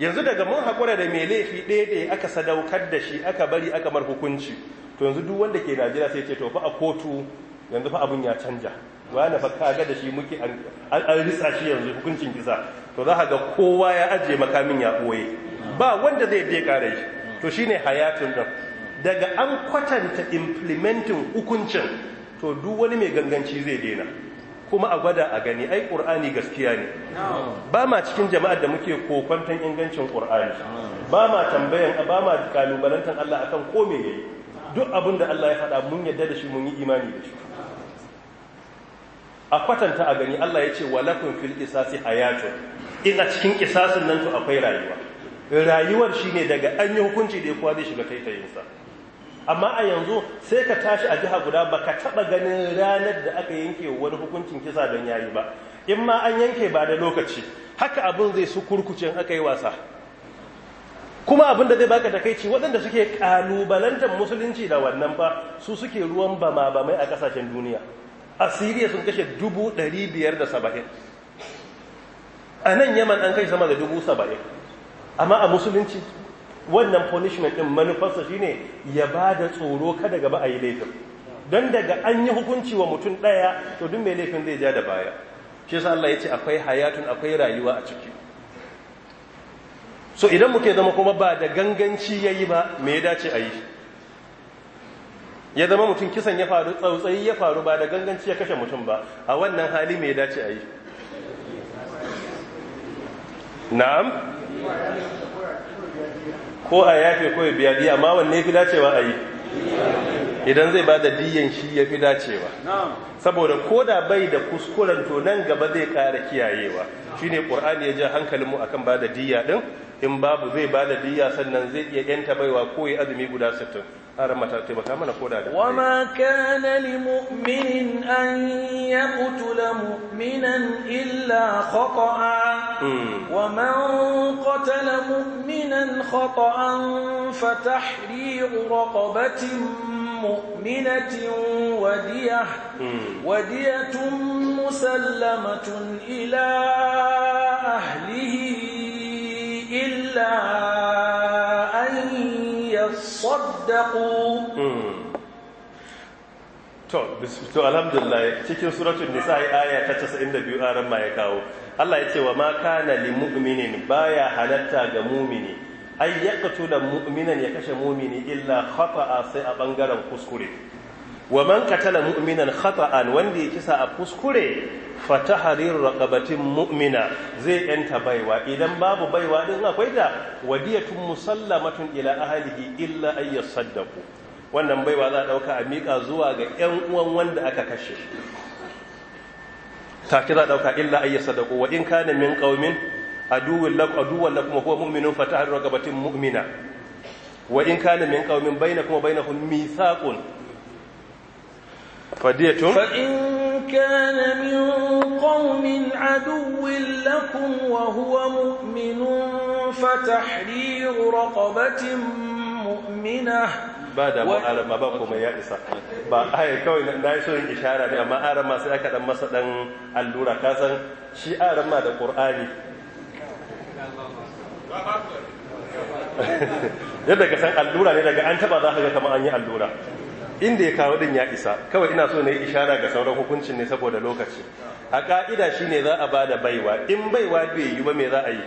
yanzu daga mun haƙura da mai laifi ɗaya ɗaya aka sadaukar da shi aka bari aka mar hukunci to yanzu duk wanda ke najeriya sai ce to fa a kotu yanzu fa abun ya canja wani fa kaga da shi muke an risa shi yanzu hukuncin kisa to za ga kowa ya ajiye makamin ya ɓoye ba wanda zai je kare shi to shine hayatun da. daga an kwatanta implementing hukuncin to duk wani mai ganganci zai daina kuma a gwada a gani ai ƙur'ani gaskiya ne ba ma cikin jama'ar da muke kokwantan ingancin ƙur'ani ba ma tambayan ba ma kalubalantan Allah akan ko me yayi duk abin Allah ya faɗa mun yadda da shi mun yi imani da shi a kwatanta a gani Allah ya ce walakun fil kisasi hayatun in a cikin kisasin nan to akwai rayuwa rayuwar shine daga an yi hukunci da kowa zai shiga taitayinsa amma a yanzu sai ka tashi a jiha guda baka taba ganin ranar da aka yanke wani hukuncin kisa don yayi ba in ma an yanke ba da lokaci haka abin zai su kurkucin aka yi wasa kuma abin da zai baka takaici waɗanda suke kalubalantar musulunci da wannan ba su suke ruwan bama bamai a ƙasashen duniya asiriya sun kashe dubu biyar 570 a nan yaman an kai sama da saba'in amma a musulunci wannan punishment din manufarsa shine ya ba da tsoro kada gaba a yi laifin don daga an yi hukunci wa mutum ɗaya to duk mai laifin zai ja da baya shi yasa Allah ya ce akwai hayatun akwai rayuwa a ciki so idan muke zama kuma ba da ganganci yayi ba me ya dace a yi ya zama mutum kisan ya faru tsautsayi ya faru ba da ganganci ya kashe mutum ba a wannan hali mai dace a yi na'am ko a yafe ko ya biya diya amma wanne fi dacewa a yi idan zai ba da diyan shi ya fi dacewa saboda ko da bai da kuskuren to nan gaba zai kara kiyayewa shi ne ƙur'ani ya ja hankalinmu akan ba da diya din in babu zai ba da diya sannan zai iya yanta baiwa ko ya azumi guda sittin. وما كان لمؤمن أن يقتل مؤمنا إلا خطأ ومن قتل مؤمنا خطأ فتحرير رقبة مؤمنة ودية ودية مسلمة إلى أهله إلا صدقوا hmm. to to alhamdulillah cikin suratul nisa aya ta 92 aran ma ya kawo Allah ya ce wa ma kana lil mu'minin baya halatta ga mu'mini ay yaqtula mu'minan ya kashe mu'mini illa khata'a sai a bangaren kuskure wa man katala mu'minan khata'an wanda ya kisa a kuskure fa tahriru raqabatin mu'mina zai yanta baiwa idan babu baiwa din akwai da wadiyatun musallamatun ila ahlihi illa ay yasaddaqu wannan baiwa za a dauka a mika zuwa ga ƴan uwan wanda aka kashe ta za a dauka illa ay yasaddaqu wa in kana min qaumin aduwwun lakum aduwwun lakum huwa mu'minun fa tahriru raqabatin mu'mina wa in kana min qaumin bainakum wa bainahum mithaqun فدية فإن كان من قوم عدو لكم وهو مؤمن فتحرير رقبة مؤمنة ba da mun ba kuma ya isa ba ai kawai na yi so yin ishara ne amma arama sai aka dan masa dan allura ka san shi arama da qur'ani yadda ka san allura ne daga an taba za ka ga kamar an yi allura inda ya kawo din ya isa kawai ina so na yi ishara ga sauran hukuncin ne saboda lokaci a ka'ida shine za a ba da baiwa in baiwa bai yi ba mai za a yi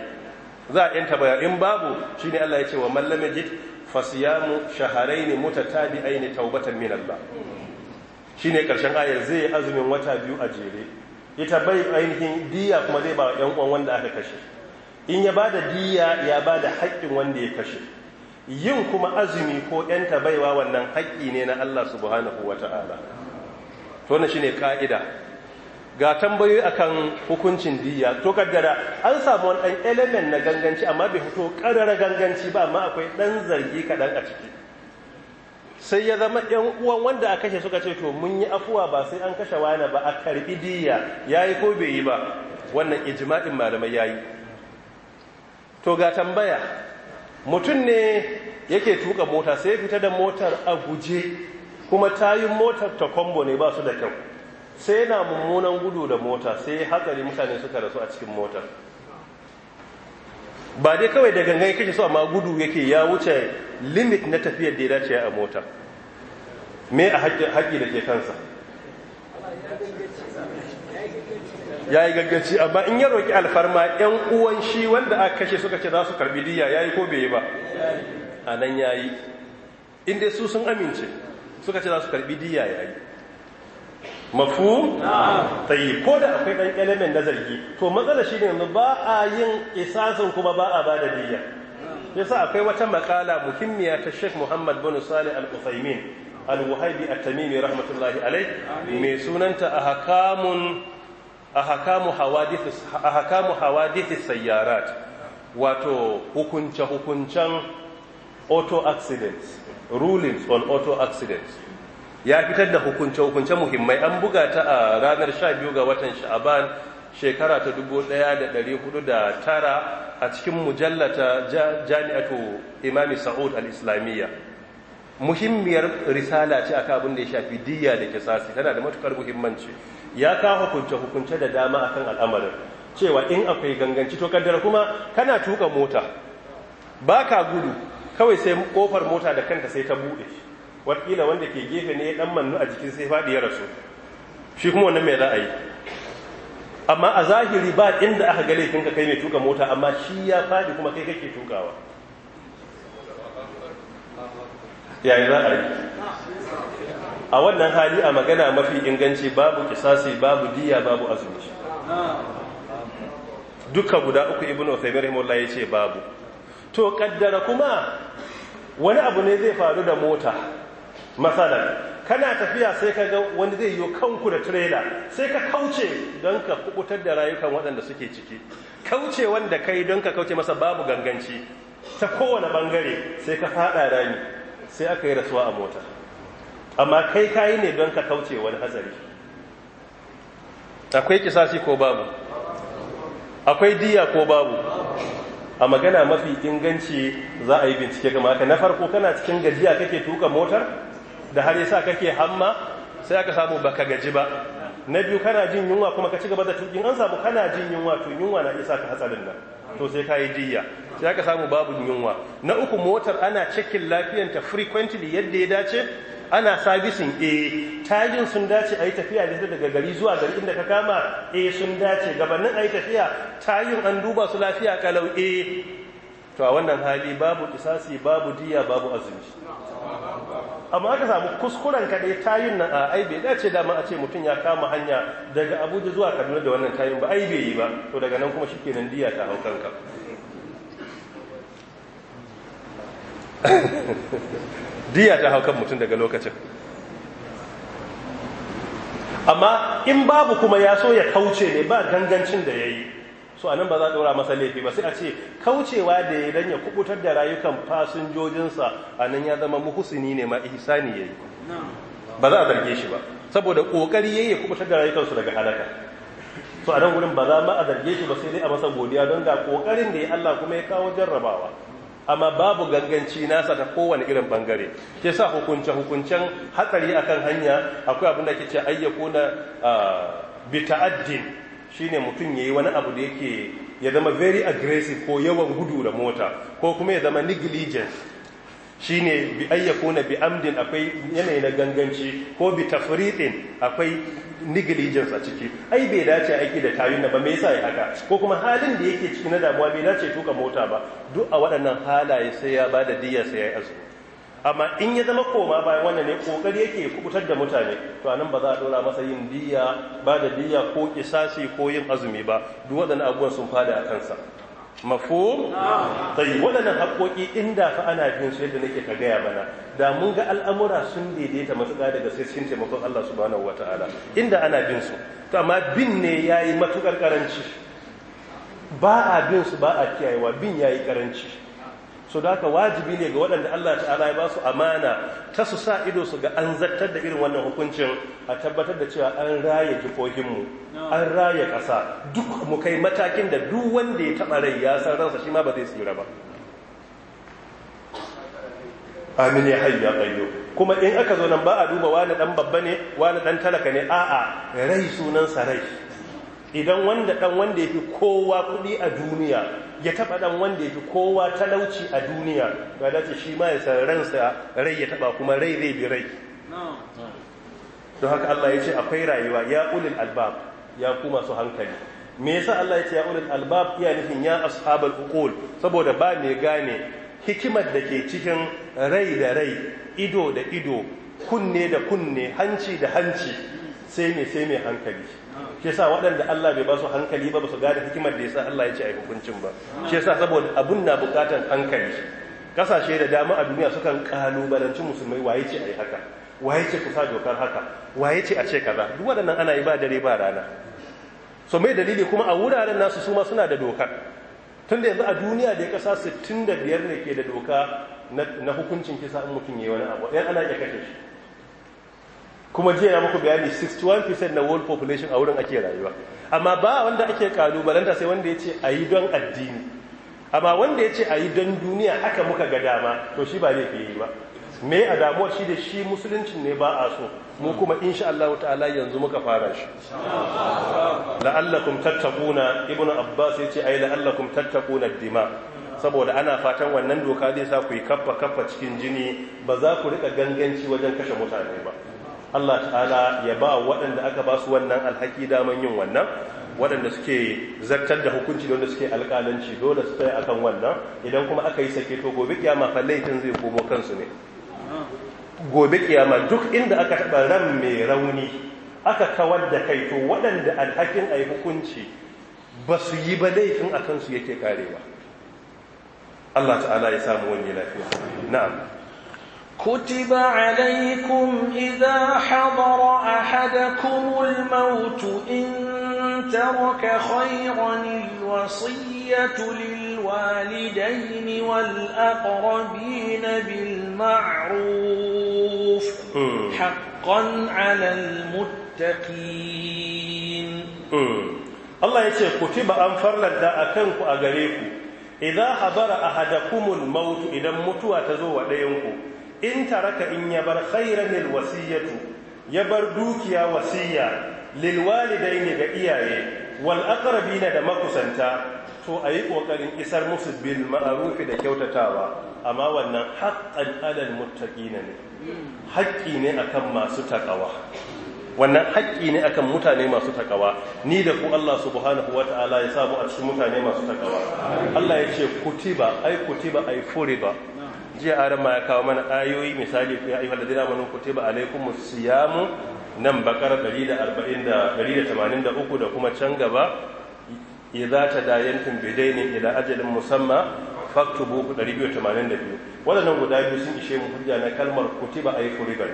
za a yanta baya in babu shi ne Allah ya ce wa ne ne yajid fasiyamu aini mutatabi'ain taubatan min Allah ne karshen ayar zai yi azumin wata biyu a jere ita bai ainihin diya kuma zai ba yan uwan wanda aka kashe in ya bada diya ya ba da haƙƙin wanda ya kashe yin kuma azumi ko ‘yanta baiwa wannan haƙƙi ne na Allah subhanahu wa ta'ala. Tona shi ne ƙa'ida, ga tambayoyi akan hukuncin diya, to kaddara an samu wani ɗan elemen na ganganci amma bai hoto ƙararra ganganci ba amma akwai ɗan zargi kaɗan a ciki. Sai ya zama ‘yan uwan wanda a kashe suka ce to mun yi afuwa ba sai an kashe wani ba a karɓi diya ya yi ko bai yi ba wannan ijima'in malamai ya yi. To ga tambaya mutum ne yake tuka mota sai fita da motar a guje kuma tayin motar ta kwambo ne ba su da kyau sai yana mummunan gudu da mota sai hatsari mutane suka rasu a cikin motar ba dai kawai da gangan kashe su amma gudu yake ya wuce limit na tafiyar da ya dace a mota me a haƙƙi da ke kansa ya yi gaggaci amma in ya roƙi alfarma 'yan uwan shi wanda aka kashe suka ce za su karbi diya ya yi ko bai yi ba a nan ya yi inda su sun amince suka ce za su karbi diya ya yi mafu yi ko da akwai ɗan elemen na zargi to matsala shi ne yanzu ba a yin isasin kuma ba a ba da diya yasa akwai wata makala muhimmiya ta sheikh muhammad bin salih al-usaimin al-wahabi at-tamimi rahmatullahi alai mai sunanta a ahkamun ahakamu hakamu ahkamu hawadithis sayyarat wato hukunce hukuncen auto accidents rulings on auto accidents ya fitar da hukunce hukunce muhimmai an buga ta a ranar 12 ga watan sha'aban shekara ta 1409 a cikin mujallata jami'atu imami sa'ud al-islamiyya muhimmiyar risala ce aka abin da ya shafi diyya da kisasi tana da matukar muhimmanci ya ka hukunce hukunce da dama akan al'amarin cewa in akwai ganganci to kaddara kuma kana tuka mota ba ka gudu kawai sai kofar mota da kanta sai ta bude wakila wanda ke gefe ne dan mannu a jikin sai faɗi ya rasu shi kuma wannan mai ra'ayi amma a zahiri ba inda aka ga laifin ka kai mai tuka mota amma shi ya faɗi kuma kai kake tukawa yayin za a yi a wannan hali a magana mafi inganci babu kisasi babu diya babu azumci duka guda uku ibn Uthaymeen rahimahullah ya ce babu to kaddara kuma wani abu ne zai faru da mota masalan kana tafiya sai ka ga wani zai yi kanku da trailer sai ka kauce don ka kubutar da rayukan waɗanda suke ciki kauce wanda kai don ka kauce masa babu ganganci ta kowane bangare sai ka fada rami sai aka yi rasuwa a mota amma kai kayi ne don ka kauce wani hatsari akwai kisasi ko babu akwai diya ko babu a magana mafi inganci za a yi bincike gama haka na farko kana cikin gajiya kake tuka motar da har yasa kake hamma sai aka samu baka gaji ba na biyu kana jin yunwa kuma ka ci gaba da tukin an samu kana jin yunwa tun yunwa na isa ka hatsarin nan to sai ka yi jiya sai ka samu babu yunwa na uku motar ana cikin lafiyanta frequently yadda ya dace ana sabisin a tajin sun dace a yi tafiya da daga gari zuwa gari inda ka kama a eh, sun dace gabanin a yi tafiya tayin an duba su lafiya kalau a eh. to a wannan hali babu kisasi babu diya babu azumi amma aka samu kuskuren kaɗai tayin nan a ai bai dama a ce mutum ya kama hanya daga abuja zuwa kaduna da wannan tayin ba aibe yi ba to daga nan kuma nan diya ta hau kanka diya ta hau mutum daga lokacin amma in babu kuma ya so ya kauce ne ba gangancin da ya yi so anan ba za a dora masa laifi ba sai a ce kaucewa da ya dan ya kubutar da rayukan fasinjojinsa anan ya zama muhusini ne ma ihsani yayi ba za a zarge shi ba saboda kokari yayi ya kubutar da rayukansu daga halaka so anan gurin ba za ma a zarge shi ba sai dai a masa godiya don ga kokarin da ya Allah kuma ya kawo jarrabawa amma babu ganganci nasa ta kowane irin bangare ke sa hukunce-hukuncen hatsari akan hanya akwai abin da ke ce ayyako na ah, ta'addin shine mutum yayi wani abu da yake ya zama very aggressive ko yawan gudu da mota ko kuma ya zama negligence shine bi na bi amdin akwai yanayi na ganganci ko bi tafridin akwai negligence a ciki ai bai dace aiki da na ba me yasa ya haka ko kuma halin da yake ciki na damuwa bai dace tuka mota ba duk a waɗannan halaye sai ya bada diyya sai ya yi azumi amma in ya zama koma bayan wannan ne kokari yake kubutar da mutane to anan ba za a dora masa yin diya ba da diya ko kisasi ko yin azumi ba duk waɗannan abubuwan sun fada a kansa mafu tayi waɗannan haƙoƙi inda fa ana bin su yadda nake ka gaya mana da mun ga al'amura sun daidaita matuƙa daga sai sun taimakon Allah subhanahu wataala inda ana bin su to amma bin ne yayi matuƙar karanci ba a bin su ba a kiyayewa bin yayi karanci so da haka wajibi ne ga waɗanda Allah ta'ala ya ba su amana ta su sa ido su ga an zartar da irin wannan hukuncin a tabbatar da cewa an raya jikokinmu an raya ƙasa duk mu kai matakin da duk wanda ya taɓa rai ya san ransa shi ma ba zai tsira ba amin ya hayyu ya kuma in aka zo nan ba a duba wani dan babba ne wani dan talaka ne a'a rai sunansa rai idan wanda dan wanda yafi kowa kuɗi a duniya ya taba dan wanda yafi kowa talauci a duniya ya dace shi ma ya san ransa rai ya taba kuma rai zai bi rai don haka Allah ya ce akwai rayuwa ya ulil albab ya ku masu hankali me yasa Allah ya ce ya ulil albab iya nufin ya ashabul uqul saboda ba mai gane hikimar da ke cikin rai da rai ido da ido kunne da kunne hanci da hanci sai me sai mai hankali shi sa waɗanda Allah bai ba su hankali ba ba su gada hikimar da ya sa Allah ya ce ai hukuncin ba shi sa saboda abun na bukatan hankali kasashe da dama a duniya sukan kalubalanci musulmai waye ce ai haka waye ce kusa dokar haka waye ce a ce kaza duk waɗannan ana yi ba dare ba rana so mai dalili kuma a wuraren nasu su ma suna da dokar tun da yanzu a duniya da ya kasa 65 ne ke da doka na hukuncin kisa in mutum ya yi wani abu yan ana iya kashe shi kuma jiya na muku bayani 61% na world population a wurin ake rayuwa amma ba wanda ake kalubalanta sai wanda ya ce a yi don addini amma wanda ya ce a yi don duniya aka muka ga dama to shi ba fi yi ba me a damuwa shi da shi musuluncin ne ba a so mu kuma insha Allah ta'ala yanzu muka fara shi la'allakum tattaquna Ibn abbas ya yace ai la'allakum tattaquna dima saboda ana fatan wannan doka zai sa ku yi kaffa kaffa cikin jini ba za ku rika ganganci wajen kashe mutane ba Allah ta'ala ya ba waɗanda aka ba su wannan alhaki daman yin wannan waɗanda suke zartar da hukunci da wanda suke alƙalanci dole su tsaya akan wannan idan kuma aka yi sake to gobe kiyama fa laifin zai komo kansu ne gobe kiyama duk inda aka taɓa ran mai rauni aka kawar da kai to waɗanda alhakin a yi hukunci ba su yi ba laifin a kansu yake karewa Allah ta'ala ya samu wani lafiya na'am كتب عليكم إذا حضر أحدكم الموت إن ترك خيرا الوصية للوالدين والأقربين بالمعروف حقا على المتقين الله يسير كتب أنفر لدى أكنك أغريك إذا حضر أحدكم الموت إذا متوى تزوى ليونكم in taraka in ya bar khairan lil wasiyatu ya bar dukiya wasiya lil walidaini ga iyaye wal aqrabina da makusanta to ayi kokarin isar musu bil ma'ruf da kyautatawa amma wannan haqqan alal muttaqina ne haƙƙi ne akan masu takawa wannan haƙƙi ne akan mutane masu takawa ni da ku Allah subhanahu wata'ala ya samu a cikin mutane masu takawa Allah ya ce kutiba ai kutiba ai furiba jiya aran ma ya kawo mana ayoyi misali ya ayyuhal ladina amanu kutiba alaikumus siyamu nan bakara nan da 183 da kuma can gaba idza bidai ne ila ajalin musamman faktubu 282 wadannan guda biyu sun ishe mu hujja na kalmar kutiba ay furiba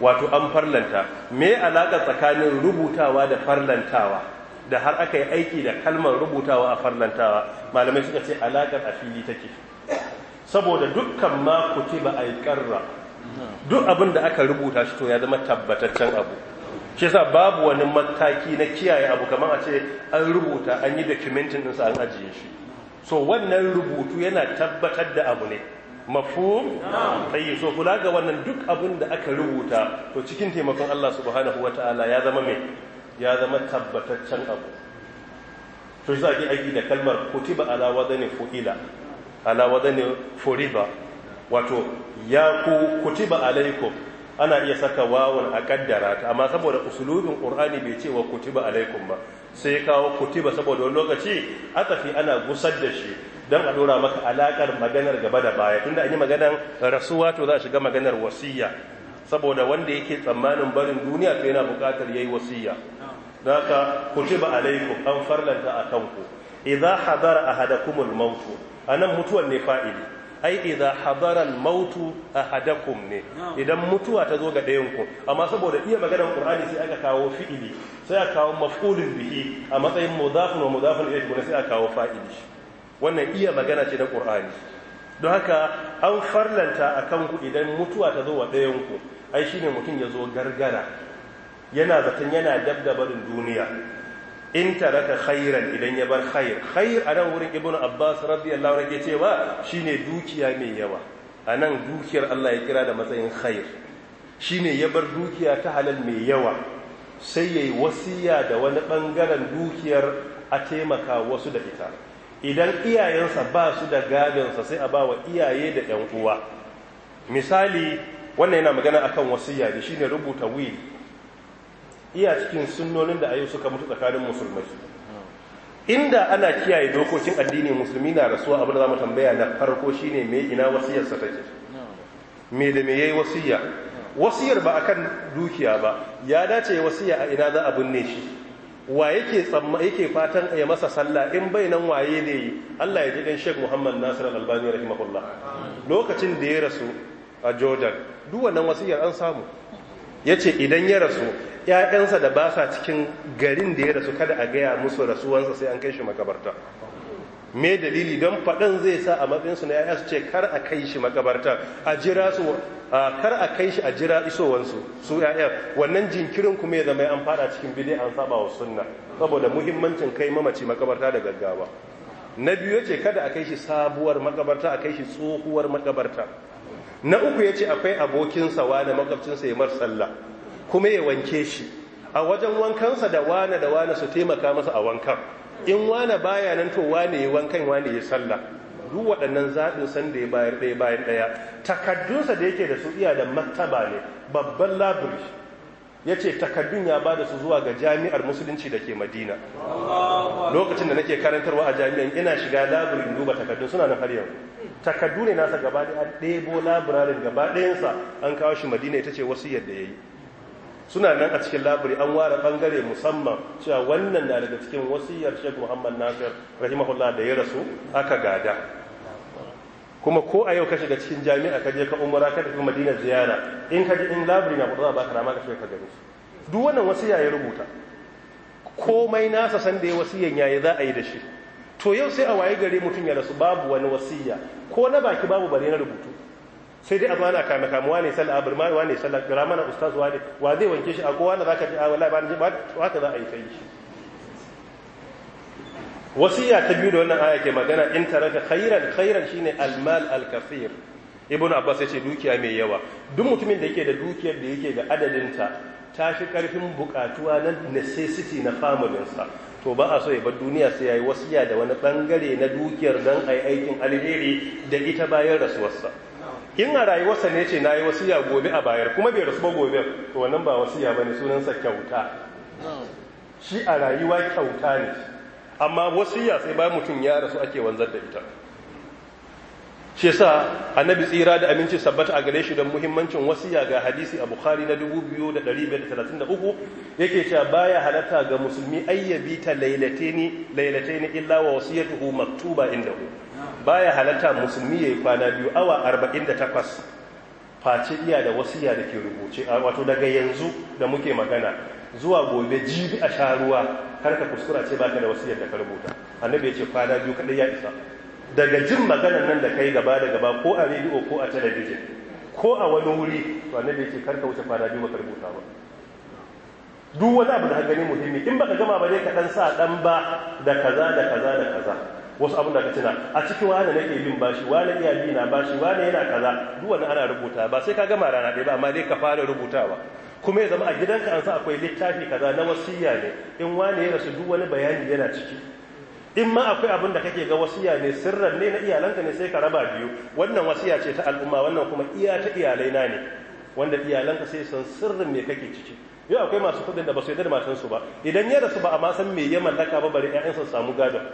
wato an farlanta me alaƙar tsakanin rubutawa da farlantawa da har aka yi aiki da kalmar rubutawa a farlantawa malamai suka ce alaƙar a fili take saboda dukkan ma a yi qarra duk abin da aka rubuta shi to ya zama tabbataccen abu shi sa babu wani mataki na kiyaye abu kamar a ce an rubuta an yi dokumentin din sa an ajiye shi so wannan rubutu yana tabbatar da abu ne Mafu? tayi so kula ga wannan duk abin da aka rubuta to cikin taimakon Allah subhanahu ta'ala ya zama mai ya zama tabbataccen abu to shi za a aiki da kalmar kutiba ala wadani fu'ila ala wadani furiba wato ya ku kutiba alaikum ana iya saka wawan a kaddara ta amma saboda usulubin qur'ani bai ce wa kutiba alaikum ba sai kawo kutiba saboda wani lokaci aka fi ana gusar da shi don a dora maka alaƙar maganar gaba da baya tunda an yi maganar rasuwa to za a shiga maganar wasiya saboda wanda yake tsammanin barin duniya to yana buƙatar yayi wasiya don haka kutiba alaikum an farlanta a kanku idza hadara ahadakumul maut anan mutuwan ne fa'ili ai idza hadara al maut ahadakum ne idan mutuwa ta zo ga ɗayan ku amma saboda iya maganar qur'ani sai aka kawo fi'ili sai aka kawo maf'ulun bihi a matsayin mudafun wa mudafun ilayhi sai aka kawo fa'ili wannan iya magana ce na qur'ani don haka an farlanta akan kanku idan mutuwa ta zo wa ɗayanku ai shine mutum ya zo gargara yana zaton yana dabdabarin duniya in taraka khairan idan ya bar khair khair a nan wurin ibnu abbas radiyallahu anhu yake cewa shine dukiya mai yawa a dukiyar Allah ya kira da matsayin khair shine ya bar dukiya ta halal mai yawa sai yayi wasiya da wani bangaren dukiyar a taimaka wasu da ita idan iyayensa ba su da gadonsa sai a ba wa iyaye da 'yan uwa misali wannan yana magana akan wasiya da shine rubuta will iya cikin sunnonin da ayyusu suka mutu tsakanin musulmai inda ana kiyaye dokokin addini musulmi na rasuwa abin da za mu tambaya na farko shine me ina wasiyarsa take me da me yayi wasiya wasiyar ba akan dukiya ba ya dace wasiya a ina za a binne shi wa yake tsamma yake fatan ya masa sallah in bai nan waye ne Allah ya ji dan Sheikh Muhammad Nasir Al-Albani rahimahullah lokacin da ya rasu a Jordan duk wannan wasiyar an samu ya ce idan ya rasu ‘ya'yansa da ba sa cikin garin da ya rasu kada a gaya musu rasuwansa sai an kai shi makabarta me dalili don faɗin zai sa a matsayinsu na ‘ya’yansu ce kar a kai shi makabarta a jira su kar a kai shi a jira isowansu su 'ya'yan? wannan jinkirin kuma ya zama an fada cikin bide an saba wa sunna saboda muhimmancin kai mamaci makabarta da gaggawa na biyu ya ce kada a kai shi sabuwar makabarta a kai shi tsohuwar makabarta na uku ya ce akwai abokinsa wane makwabcinsa ya mar sallah kuma ya wanke shi a wajen wankansa da wane da wane su taimaka masa a wankan in wane baya nan to wane ya wankan wane ya sallah duk waɗannan zaɓin sanda ya bayar ɗaya bayan ɗaya takaddunsa da yake da su iya da mataba ne babban labiri ya ce takaddun ya ba da su zuwa ga jami'ar musulunci da ke madina lokacin da nake karantarwa a jami'an ina shiga labirin duba takaddun suna na har yau takaddu ne nasa gaba ɗaya an ɗebo labirarin gaba ɗayansa an kawo shi madina ita ce wasu yadda ya yi suna nan a cikin labiri an ware bangare musamman cewa wannan na daga cikin wasiyar sheikh muhammad nasir rahimahullah da ya rasu aka gada kuma ko a yau ka shiga cikin jami'a ka je ka umara ka tafi madina ziyara in ka ji in labiri na kudu ba ka rama ka shiga ka gani duk wannan wasu ya rubuta komai nasa sanda da ya wasiyan ya za a yi da shi to yau sai a waye gare mutum ya rasu babu wani wasiya ko na baki babu bare na rubutu sai dai a zuwa na kame kame wane sallah abin mai wane sallah gara mana ustaz wane wa zai wanke shi a kowa na zaka ji a wallahi ba ni ba za a yi ta yi shi wasiya ta biyu da wannan aya ke magana in taraka khairan khairan shine almal alkafir ibnu abbas ya ce dukiya mai yawa duk mutumin da yake da dukiyar da yake da adadin ta ta fi karfin bukatuwa na necessity na familin to ba a so ya bar duniya sai ya yayi wasiya da wani ɓangare na dukiyar dan ai aikin alheri da ita bayan rasuwarsa in a rayuwarsa ne ce yi wasiya gobe a bayar kuma bai rasu ba gobe to wannan ba wasiya bane sunansa kyauta shi a rayuwa kyauta ne amma wasiya sai ba mutum ya rasu ake wanzar da ita shi sa annabi tsira da aminci sabbata a gare shi don muhimmancin wasiya ga hadisi a bukhari na 2,233 yake cewa baya halatta ga musulmi ayyabi ta lailataini illa wa wasiyatuhu maktuba ku baya halatta musulmi ya yi kwana biyu awa 48 face iya da wasiya da ke rubuce wato daga yanzu da muke magana zuwa gobe jibi a sharuwa ruwa ka kuskura ce baka da wasiyar da ka rubuta annabi ya ce kwana biyu kaɗai ya isa daga jin maganar nan da kai gaba da gaba ko a rediyo ko a talabijin ko a wani wuri to annabi ya ce karka wuce fara biyu maka rubuta ba duk wani abu da gani muhimmi in baka gama ba dai ka dan sa dan ba da kaza da kaza da kaza wasu abun da ka tuna a cikin wani nake bin bashi wani iya bi na bashi wani yana kaza duk wani ana rubuta ba sai ka gama rana ɗaya ba amma dai ka fara rubutawa kuma ya zama a gidanka an sa akwai littafi kaza na wasiya ne in wani ya rasu duk wani bayani yana ciki in ma akwai abin da kake ga wasiya ne sirran ne na iyalanka ne sai ka raba biyu wannan wasiya ce ta al'umma wannan kuma iya ta iyalai na ne wanda iyalanka sai san sirrin me kake ciki yau akwai masu kudin da ba su yarda da su ba idan ya rasu ba a ma san me ya mallaka ba bari ƴaƴansa samu gadon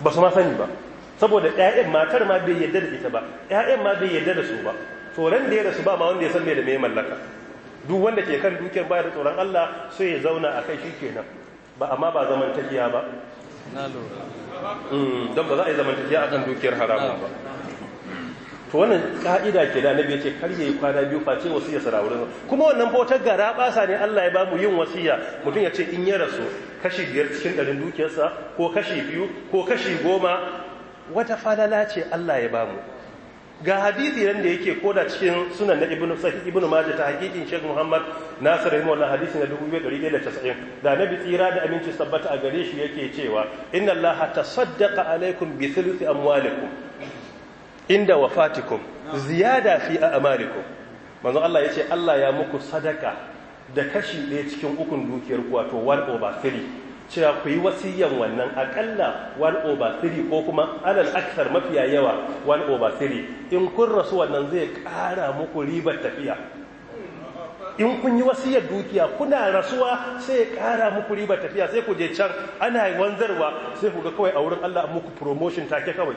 ba su ma sani ba saboda 'ya'yan matar ma bai yarda da ita ba 'ya'yan ma bai yarda da su ba tsoron da ya rasu ba ma wanda ya san me da me mallaka duk wanda ke kan dukiyar baya da tsoron Allah sai ya zauna a kai shi kenan ba amma ba zaman tafiya ba Hmm, don ba za a yi tafiya a kan dukiyar haramun ba to wannan ka'ida ke da ya yace kar yayi kwana biyu face wasiya sara wurin kuma wannan bautar gara basa ne Allah ya bamu yin wasiya mutum ya ce in ya rasu kashi biyar cikin ɗarin dukiyarsa ko kashi biyu ko kashi goma wata falala ce Allah ya bamu ga hadisi nan da yake koda cikin sunan na ibnu sahih ibnu majah ta hakikin sheikh muhammad nasir ibn wannan hadisi na 2190 da nabi tsira da aminci sabbata a gare shi yake cewa inna allaha tasaddaqa alaikum bi thuluthi amwalikum inda wafatikum ziyada fi a'malikum manzo Allah yace Allah ya muku sadaka da kashi ɗaya cikin ukun dukiyar ku wato 1 over 3 cewa ku yi wasiyan wannan akalla 1 over 3 ko kuma alal aksar mafiya yawa 1 over 3 in kun rasu wannan zai kara muku ribar tafiya in kun yi wasiyar dukiya kuna rasuwa sai kara muku ribar tafiya sai ku je can ana wanzarwa sai ku ga kawai a wurin Allah muku promotion take kawai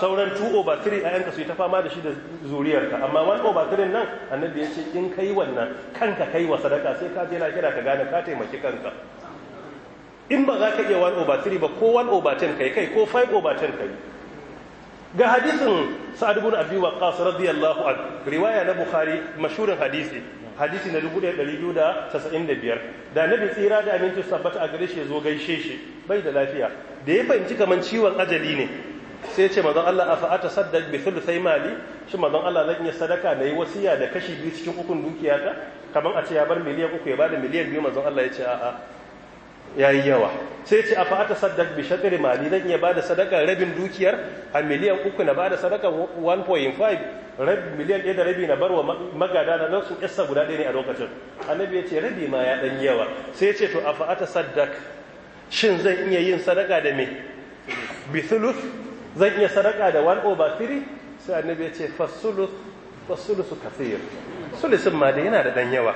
sauran 2 over 3 a yanka su yi ta fama da shi da zuriyarka amma 1 over 3 nan annabi ya ce in kai wannan kanka kai wa sadaka sai ka je lahira ka gane ka taimaki kanka in ba za ka iya 1 over 3 ba ko 1 over 10 kai kai ko 5 over 10 kai ga hadisin sa'ad ibn abi waqqas radiyallahu anhu riwaya na bukhari mashhurin hadisi hadisi na 1295 da nabi tsira da aminci sabbata a gare shi ya zo gaishe shi bai da lafiya da ya fahimci kaman ciwon ajali ne sai ce mazan Allah a fa'ata saddaq bi sai mali shi mazan Allah zan iya sadaka na yi wasiya da kashi biyu cikin ukun dukiyata kamar a ce ya bar miliyan uku ya bada miliyan biyu mazan Allah ya ce a'a yi yawa sai ce a fa'ata saddaq bi shatri mali zan iya bada sadaka rabin dukiyar a miliyan uku na bada sadaka 1.5 rabin miliyan ɗaya da rabi na barwa magada na nasu yassa guda ɗaya ne a lokacin annabi ya ce rabi ma ya ɗan yawa sai ce to a fa'ata saddaq shin zan iya yin sadaka da me bi thuluth zan iya sadaka da 1 over 3 sai annabi ya ce fasuluth fasulusu kafir sulisun ma da yana da dan yawa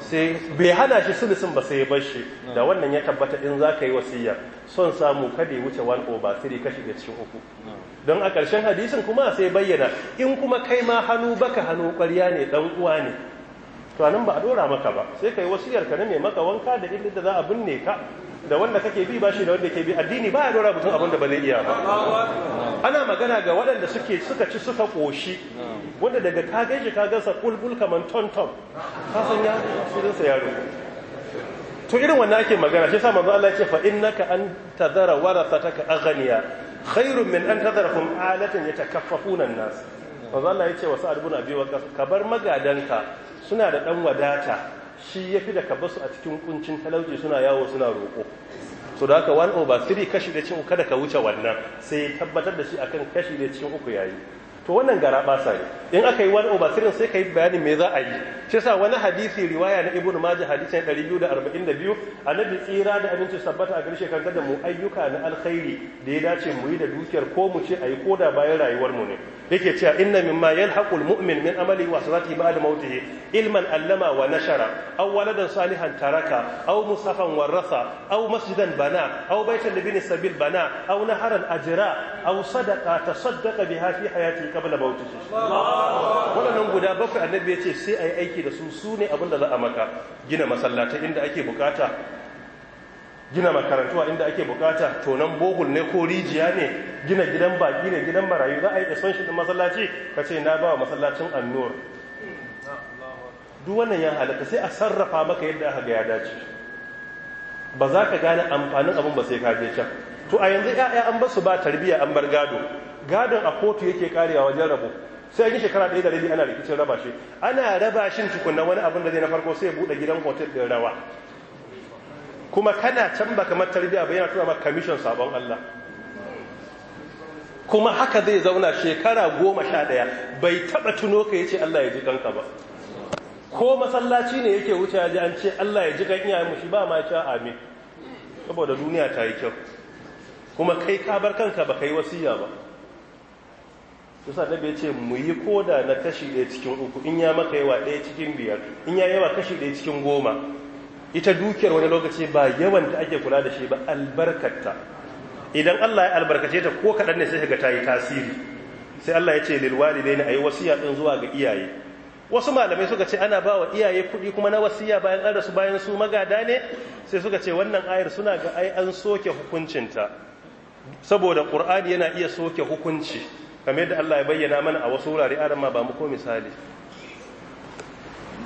sai bai hana shi sulisun ba sai ya bar shi da wannan ya tabbata in za ka yi wasiyya son samu kada ya wuce 1 over 3 kashi da cikin uku don a ƙarshen hadisin kuma sai bayyana in kuma kai ma hannu baka hannu ƙwarya ne dan uwa ne to nan ba a dora maka ba sai ka yi wasiyar ka ne maka wanka da inda za a binne ka da wanda kake bi bashi da wanda ke bi addini ba ya dora mutum abin da ba zai iya ba ana magana ga waɗanda suke suka ci suka koshi wanda daga ka gaishe ka gansa bulbul kaman tonton ka san ya sunansa yaro to irin wannan ake magana shi sa manzo Allah ya ce fa innaka an tadhara warathataka aghniya khairun min an tadharahum alatan yatakaffafuna an-nas manzo Allah ya ce wasu albuna ibn ka bar magadanka suna da dan wadata shi ya fi da ka basu a cikin kuncin talauci suna yawo suna roƙo so da haka 1 over 3 kashi da cin uku kada ka wuce wannan sai tabbatar da shi akan kashi da cin uku yayi to wannan gara basa ne in aka yi wani obasirin sai ka yi bayanin me za a yi shi sa wani hadisi riwaya na ibnu majah hadisin 242 annabi tsira da abinci sabbata a garshe kan da mu ayyuka na alkhairi da ya dace mu yi da dukiyar ko mu ce ayi koda bayan rayuwar mu ne yake cewa inna mimma yalhaqul mu'min min amali wa salati ba'da mautih ilman allama wa nashara aw waladan salihan taraka aw musafan warasa aw masjidan bana aw baitan libni sabil bana aw naharan ajra aw sadaqa tasaddaqa biha fi hayati qabla mawtihi waɗannan guda bakwai annabi ya ce sai a yi aiki da su su ne abinda za a maka gina masallatai inda ake bukata gina makarantuwa inda ake bukata tonan bohul ne ko rijiya ne gina gidan baki ne gidan marayu za a yi expansion din masallaci Ka ce na ba masallacin annur duk wannan ya halatta sai a sarrafa maka yadda aka ga ya dace ba za ka gane amfanin abin ba sai ka je can to a yanzu 'ya'ya an ba su ba tarbiyya an bar gado gadon a kotu yake karewa wajen rabo sai an yi shekara ɗaya da rabi ana rikicin raba shi ana raba shi tukunna wani abin da zai na farko sai buɗe gidan hotel ɗin rawa kuma kana can ba kamar tarbiyya ba yana tura ma kamishin sabon Allah kuma haka zai zauna shekara goma sha ɗaya bai taɓa tuno ka yace Allah ya ji kanka ba ko masallaci ne yake wuce ji an ce Allah ya ji kan mu shi ba ma sha amin saboda duniya ta yi kyau kuma kai ka bar kanka ba kai wasiya ba shi sa nabi ya ce mu yi koda na kashi ɗaya cikin uku in ya maka yawa ɗaya cikin biyar in ya yawa kashi ɗaya cikin goma ita dukiyar wani lokaci ba yawan ta ake kula da shi ba albarkatta idan Allah ya albarkace ta ko kaɗan ne sai ga ta yi tasiri sai Allah ya ce lilwali dai a yi wasiya ɗin zuwa ga iyaye wasu malamai suka ce ana ba wa iyaye kuɗi kuma na wasiya bayan an rasu bayan su magada ne sai suka ce wannan ayar suna ga ai an soke hukuncinta saboda ƙur'ani yana iya soke hukunci kamar yadda Allah ya bayyana mana a wasu wurare adam ma ba mu ko misali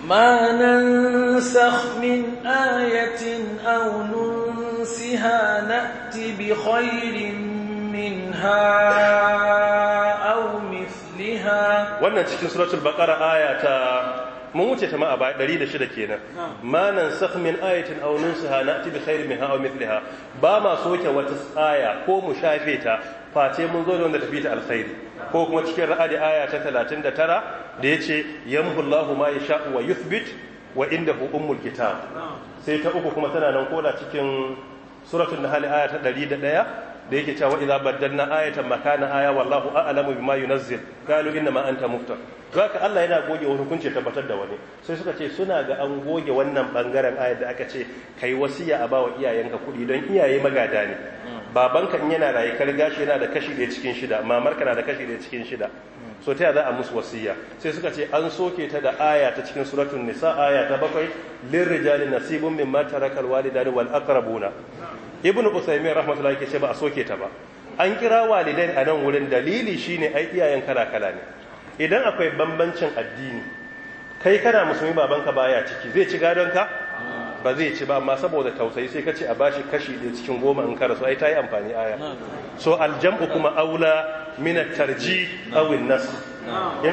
Manan ننسخ ayatin آية أو ننسها نأتي بخير منها أو مثلها wannan cikin suratul baqara ayata, mun wuce ta ma a baya 106 kenan ma nansakh min ayatin aw nunsaha na'ti bi khairin minha aw mithliha ba ma soke wata aya ko mu shafe ta face mun zo da wanda tafi ta alkhairi ko kuma cikin ra'adi aya ta 39 da yace yamhullahu ma yasha'u wa yuthbit wa indahu ummul kitab sai ta uku kuma tana nan koda cikin suratul nahl aya ta 101 da yake cewa idza baddalna ayatan makana aya wallahu a'lamu bima yunzil qalu inna ma anta muftar zaka Allah yana goge wani hukunci tabbatar da wani sai suka ce suna ga an goge wannan bangaren ayar da aka ce kai wasiya a bawa iyayenka kuɗi don iyaye magada ne babanka in yana rayu kar gashi yana da kashi da cikin shida mamarka na da kashi daya cikin shida so ta za a musu wasiya sai suka ce an soke ta da aya ta cikin suratun nisa aya ta bakwai lirrijali nasibun mimma tarakal walidani wal aqrabuna ibnu usaimin rahmatullahi ke ce ba a soke ta ba an kira walidain a nan wurin dalili shine ai iyayen kala kala ne idan akwai bambancin addini kai kana musulmi babanka baya ciki zai ci gadon ka ba zai ci ba amma saboda tausayi sai kace a bashi kashi ɗaya cikin goma in karasu ai ta yi amfani aya so aljam'u kuma aula min tarji aw nas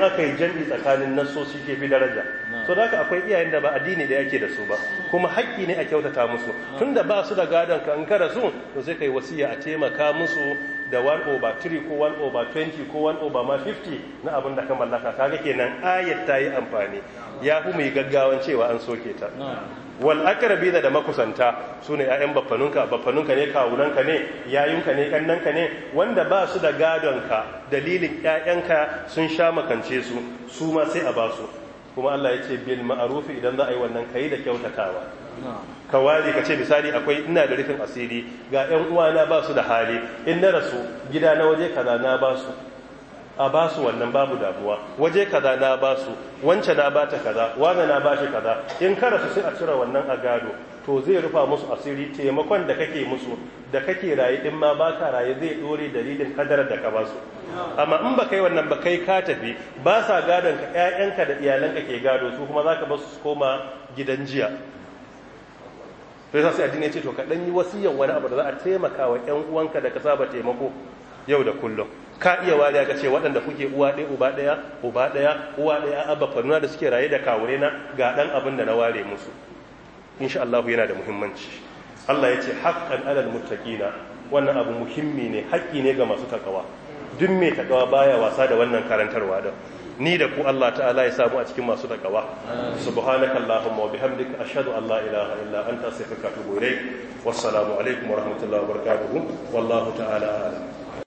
aka yi jam'i tsakanin su ke fi daraja so da haka akwai iyayen da ba addini da yake da su ba kuma haƙƙi ne a kyautata musu tunda ba su da gadon ka in karasu to sai kai wasiya a taimaka musu da 1 over 3 ko 1 over 20 ko 1 over ma 50 na abin da ka mallaka kaga kenan ayat ta yi amfani ya fi mai gaggawan cewa an soke ta wal akrabi da makusanta sune ƴaƴan baffanunka baffanunka ne kawunanka ne yayunka ne kannanka ne wanda ba su da gadonka dalilin ƴaƴanka sun sha makance su su ma sai a basu kuma Allah ya ce bil ma'ruf idan za a yi wannan kai da kyautatawa ka ware ka ce misali akwai ina da rufin asiri ga ƴan uwana ba su da hali in na rasu gida na waje kaza na ba su a ba su wannan babu damuwa waje kaza na ba su wance na ba ta kaza wane na ba shi kaza in kara su sai a cire wannan a gado to zai rufa musu asiri taimakon da kake musu da kake raye in ma ba ka raye zai dore dalilin kadarar da ka ba su amma in ba kai wannan ba kai ka tafi ba sa gadon ka ƴaƴanka da iyalanka ke gado su kuma za ka ba su koma gidan jiya sai sai addini ce to ka dan yi wasiyan wani abu da za a taimaka wa ƴan uwanka da ka saba taimako yau da kullum ka iya wariya ka ce waɗanda kuke uwa ɗaya uba ɗaya uba ɗaya uwa ɗaya abba farnuna da suke raye da kawure na ga ɗan abin da na ware musu insha Allah yana da muhimmanci Allah ya ce haƙƙan alal muttaqina wannan abu muhimmi ne haƙƙi ne ga masu takawa duk mai takawa baya wasa da wannan karantarwa da ni da ku Allah ta'ala ya samu a cikin masu takawa subhanaka allahumma wa bihamdika ashhadu an la ilaha illa anta astaghfiruka wa atubu ilayk wassalamu alaikum wa rahmatullahi wa barakatuh wallahu ta'ala a'lam